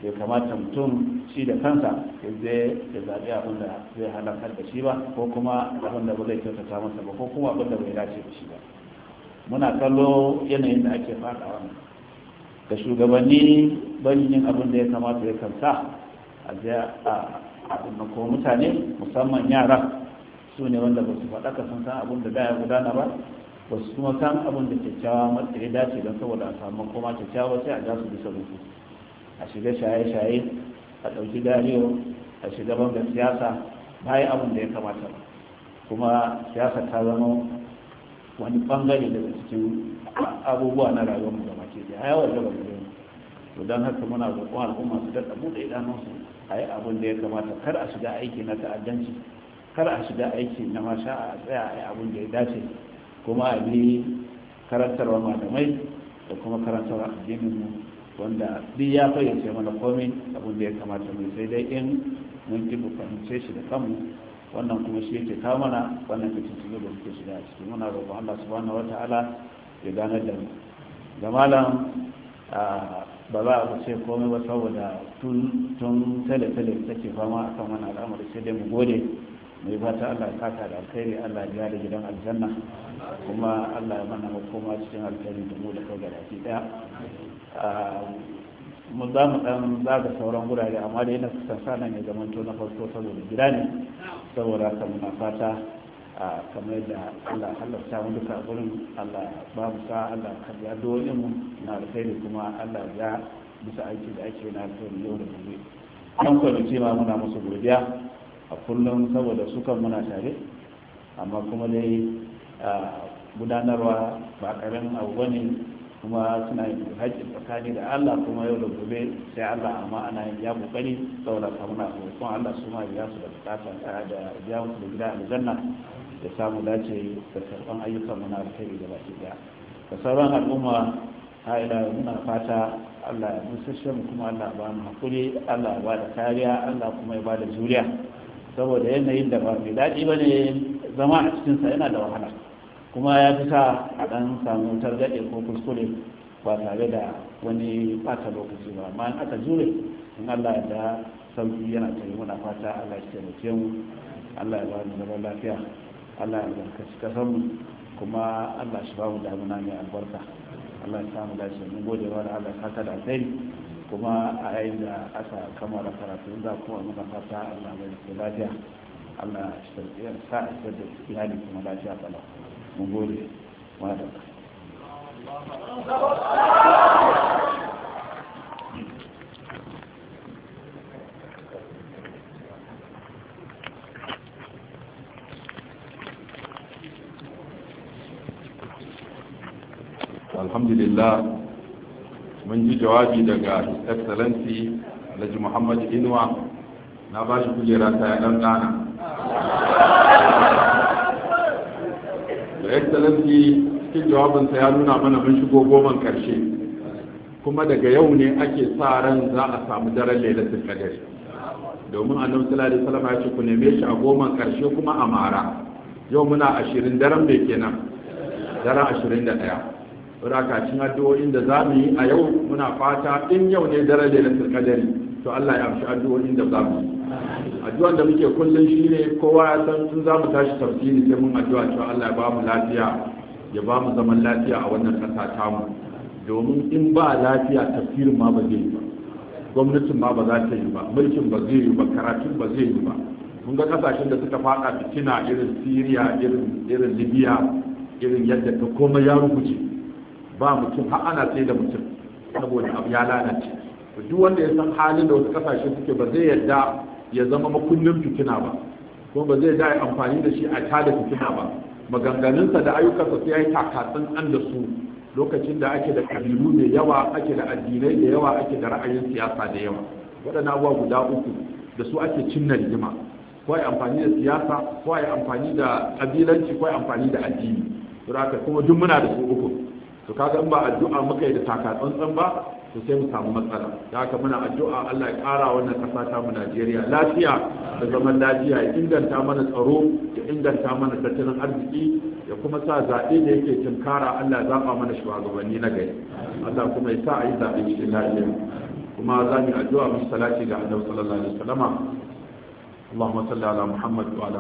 ya kamata mutum shi da kansa ya zai ya zaɓi abin da zai halakar da shi ba ko kuma abin da ba zai kyautata masa ba ko kuma abin da bai dace da shi ba muna kallo yanayin da ake faɗawa da shugabanni ban yin abin da ya kamata ya kansa a je a abin ko mutane musamman yara su ne wanda ba su faɗaka sun san abin da ya gudana ba ba su kuma san abin da kyakkyawa matsa ya dace don saboda a samu koma kyakkyawa sai a gasu bisa rufu a shiga shaye-shaye a ɗauki dariyo a shiga banga siyasa bayan abin da ya kamata ba kuma siyasa ta zama wani bangare daga cikin abubuwa na rayuwar mu da maki da yawa da ba to don haka muna roƙon al'umma su daɗa buɗe idanunsu a yi da ya kamata kar a shiga aiki na ta'addanci kar a shiga aiki na masha a tsaya a yi da ya dace kuma a bi karantarwa malamai da kuma karantar addinin mu wanda duk ya sai mana komai abin da ya kamata mu sai dai in mun ki fahimce shi da kanmu wannan kuma shi yake kawo mana wannan fitin da muke shiga a ciki muna roƙon Allah subhanahu wataala ya ganar da mu da malam ba za a ce komai ba saboda tun tale-tale take fama a kan wani al'amari sai dai mu gode mai fata allah kaka da alkhairi allah ya da gidan aljanna kuma allah ya mana makoma cikin alkhairi da mu da kai ga baki daya mu za mu dan zaga sauran gurare amma dai na kusan sana ne zamanto na farko saboda gida ne saboda haka muna fata kamar da Allah halarta mu duka gurin Allah babu sa Allah karya dole mu na da kuma Allah ya bisa aiki da ake na da yau da gobe an kwamice ma muna masu godiya a kullum saboda sukan muna tare amma kuma dai gudanarwa ba karen abu bane kuma suna yin haƙƙi tsakani da Allah kuma yau da gobe sai Allah amma ana yin ya kokari saboda kamuna kuma Allah su ma biya su da bukata da biya musu da gida aljanna ya samu dace da karban ayyukan muna kai da baki daya da sauran al'umma a ila muna fata Allah ya musashe mu kuma Allah ba mu hakuri Allah ba da kariya Allah kuma ya ba da juriya saboda yanayin da ba mai daɗi ba ne zama a cikinsa yana da wahala kuma ya fi sa a ɗan samu targaɗe ko kuskure ba tare da wani fata lokaci ba amma in aka jure in Allah ya da sauki yana tare muna fata Allah ya ce mu Allah ya ba mu zaman lafiya Allah ya albarkaci kasanmu kuma Allah shi bamu damuna mai albarka Allah ya samu dace mun gode wa Allah ya saka da alheri kuma a yayin da aka kammala karatu da kuma muka fata Allah ya da lafiya Allah ya sa a da iyali kuma lafiya kalau mun gode wa da alhamdulillah mun ji jawabi daga his excellency alhaji muhammad inuwa na ba shi kujera ta yanar dana da excellency cikin jawabinsa ya nuna mana mun shigo goma karshe kuma daga yau ne ake sa ran za a samu daren lailatul qadari domin annabi sallallahu alaihi wasallam ya ce ku neme shi a goma karshe kuma a mara yau muna ashirin daren mai kenan daren ashirin da ɗaya raka cin addu'o'in da za mu yi a yau muna fata in yau ne daren lailatul kadari to Allah ya amshi addu'o'in da za mu yi addu'an da muke shi shine kowa ya san tun za mu tashi tafsiri sai mun addu'a cewa Allah ya ba mu lafiya ya ba mu zaman lafiya a wannan ƙasa mu domin in ba lafiya tafsirin ma ba zai yi ba gwamnatin ma ba za ta yi ba mulkin ba zai yi ba karatun ba zai yi ba kun ga kasashen da suka fada fitina irin siriya irin libya irin yadda ta komai ya rubuce ba mutum har ana sai da mutum saboda abu ya lalace duk wanda ya san halin da wasu kasashe suke ba zai yarda ya zama makullin fitina ba kuma ba zai da amfani da shi a tada fitina ba maganganunsa da ayyukansa sai ya yi takatsan an da su lokacin da ake da kabilu da yawa ake da addinai da yawa ake da ra'ayin siyasa da yawa waɗannan abubuwa guda uku da su ake cinna rigima ko ai amfani da siyasa ko ai amfani da kabilanci ko ai amfani da addini don kuma duk muna da su uku to kaga in ba addu'a muka yi da taka tsantsan ba to sai mu samu matsala da haka muna addu'a Allah ya ƙara wannan kasa ta mu Najeriya lafiya da zaman lafiya ya inganta mana tsaro ya inganta mana tattalin arziki ya kuma sa zaɓe da yake tunkara Allah ya zaɓa mana shugabanni na gari Allah kuma ya sa a yi zaɓe cikin lafiya kuma za mu addu'a mu salati ga Annabi sallallahu alaihi wasallama اللهم صل على محمد وعلى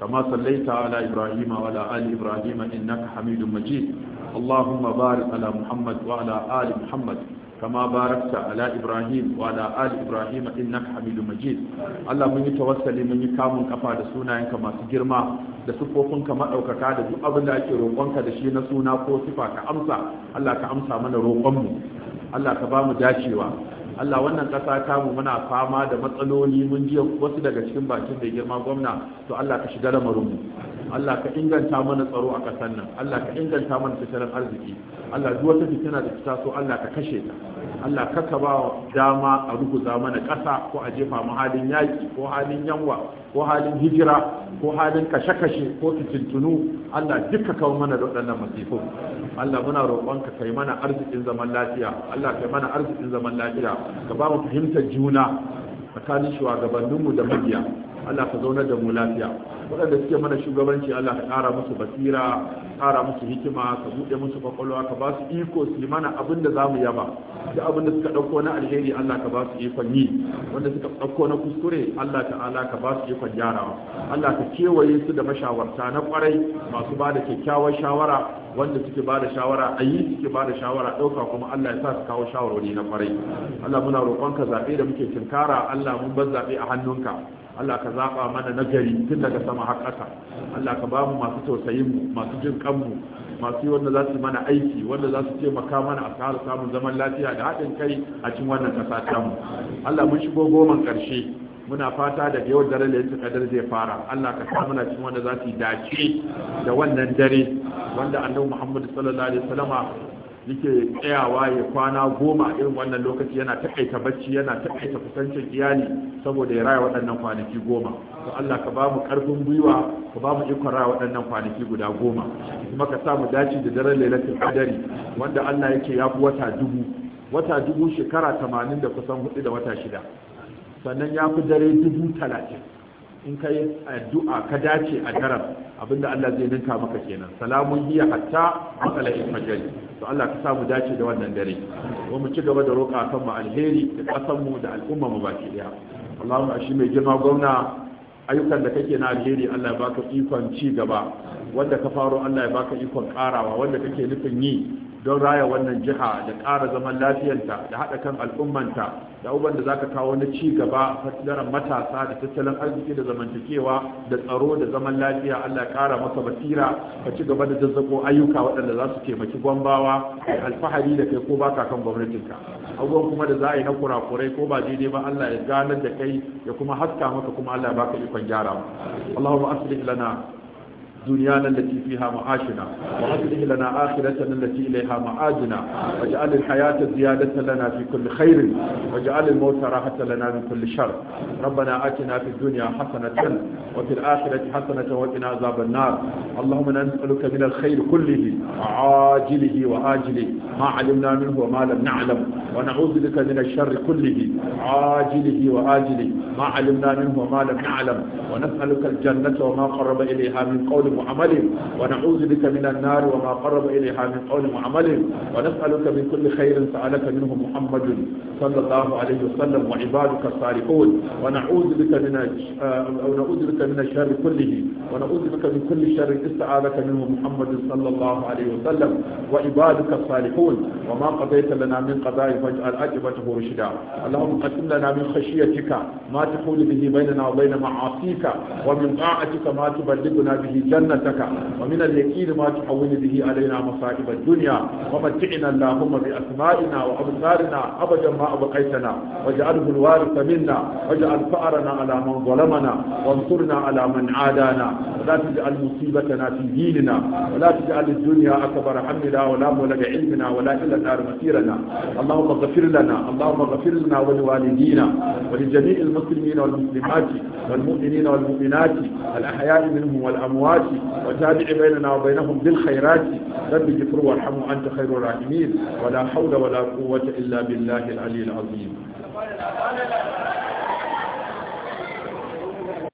kama sallaita ala ibrahima wa ala ali ibrahima innaka hamidum majid allahumma barik ala muhammad wa ala ali muhammad kama barakta ala ibrahim wa ala ali ibrahima innaka hamidum majid allah mun yi tawassuli mun yi kamun ƙafa da sunayenka masu girma da sufofin ka madaukaka da duk abin da ake roƙon da shi na suna ko sifa ka amsa allah ka amsa mana roƙon mu allah ka bamu dacewa Allah wannan ƙasa ta mu muna fama da matsaloli mun ji wasu daga cikin bakin da girma gwamna to Allah ka shiga lamarin mu Allah ka inganta mana tsaro a ƙasar nan Allah ka inganta mana tattalin arziki Allah duk wata fitina da ta so Allah ka kashe ta Allah ka ka ba dama a ruguza mana ƙasa ko a jefa mu halin yaƙi ko halin yanwa ko halin hijira ko halin kashe-kashe ko fitintunu Allah duka kawo mana da waɗannan masifin Allah muna roƙonka kai mana arzikin zaman lafiya Allah kai mana arzikin zaman lafiya ka ba mu fahimtar juna tsakanin shugabanninmu da mabiya Allah ka zaunar da mu lafiya waɗanda suke mana shugabanci Allah ka ƙara musu basira ƙara musu hikima ka buɗe musu kwakwalwa ka ba su iko su yi mana abin da za mu yaba da abin da suka ɗauko na alheri Allah ka ba su ikon yi wanda suka ɗauko na kuskure Allah ta'ala ka ba su ikon gyarawa Allah ka kewaye su da mashawarta na ƙwarai, masu ba da kyakkyawar shawara wanda suke ba da shawara a yi suke ba da shawara ɗauka kuma Allah ya sa su kawo shawarwari na ƙwarai. Allah muna roƙonka zaɓe da muke tunkara Allah mun bar zaɓe a hannunka Allah ka zaba mana nagari tun daga sama har ƙasa Allah ka bamu masu tausayin mu masu jin mu, masu wanda za su mana aiki wanda za su taimaka mana a kare samun zaman lafiya da haɗin kai a cikin wannan ƙasa ta mu Allah mun shigo goman ƙarshe muna fata da yau dare da yanzu kadar zai fara Allah ka sa muna cikin wanda za su dace da wannan dare wanda annabi Muhammad sallallahu alaihi wasallama yake tsayawa ya kwana goma irin wannan lokaci yana taƙaita bacci yana taƙaita kusancin iyali saboda ya raya waɗannan kwanaki goma to Allah ka bamu karfin gwiwa ka bamu ikon raya waɗannan kwanaki guda goma kuma ka mu dace da daren lailatul qadari wanda Allah yake ya fi wata dubu wata dubu shekara tamanin da kusan hudu da wata shida sannan ya fi dare dubu talatin in kai addu'a ka dace a abin abinda Allah zai ninka maka kenan salamun hiya hatta makala ilmajal to Allah ka samu dace da wannan dare wa mu ci gaba da roƙa kan mu alheri da kasan mu da al'umma mu baki daya Allahumma ashi mai girma gwamna ayyukan da kake na alheri Allah ya baka ikon ci gaba wanda ka faro Allah ya baka ikon karawa wanda kake nufin yi don raya wannan jiha da ƙara zaman lafiyanta da haɗa kan al'ummanta da abubuwan da za ka kawo na ci gaba fasilaran matasa da tattalin arziki da zamantakewa da tsaro da zaman lafiya allah ƙara maka basira ka ci gaba da zazzabo ayyuka waɗanda za su taimaki gwambawa alfahari da kai ko baka kan gwamnatinka abubuwan kuma da za a yi na kurakurai ko ba daidai ba allah ya ganar da kai ya kuma haska maka kuma allah ya baka ikon gyara allahumma aslih lana دنيانا التي فيها معاشنا وأصلح لنا آخرتنا التي إليها معادنا واجعل الحياة زيادة لنا في كل خير واجعل الموت راحة لنا من كل شر ربنا آتنا في الدنيا حسنة وفي الآخرة حسنة وقنا عذاب النار اللهم نسألك من الخير كله عاجله وآجله ما علمنا منه وما لم نعلم ونعوذ بك من الشر كله عاجله وآجله ما علمنا منه وما لم نعلم ونسألك الجنة وما قرب إليها من قول معمل ونعوذ بك من النار وما قرب إليها من قول معمل ونسألك من كل خير سألك منه محمد صلى الله عليه وسلم وعبادك الصالحون ونعوذ بك من آه، نعوذ بك من الشر كله ونعوذ بك من كل شر استعاذك منه محمد صلى الله عليه وسلم وعبادك الصالحون وما قضيت لنا من قضاء فاجعل أجبته رشدا اللهم قسم لنا من خشيتك ما تحول به بيننا وبين معاصيك ومن طاعتك ما تبلغنا به جنة جنتك ومن اليقين ما تحول به علينا مصائب الدنيا ومتعنا اللهم بأسمائنا وأبصارنا أبدا ما أبقيتنا واجعله الوارث منا واجعل فأرنا على من ظلمنا وانصرنا على من عادانا ولا تجعل مصيبتنا في ديننا ولا تجعل الدنيا أكبر حملنا ولا مولد علمنا ولا إلا النار مسيرنا اللهم اغفر لنا اللهم اغفر لنا ولوالدينا ولجميع المسلمين والمسلمات والمؤمنين والمؤمنات الأحياء منهم والأموات وتابع بيننا وبينهم بالخيرات رب اغفر وارحمه أنت خير الراحمين ولا حول ولا قوة إلا بالله العلي العظيم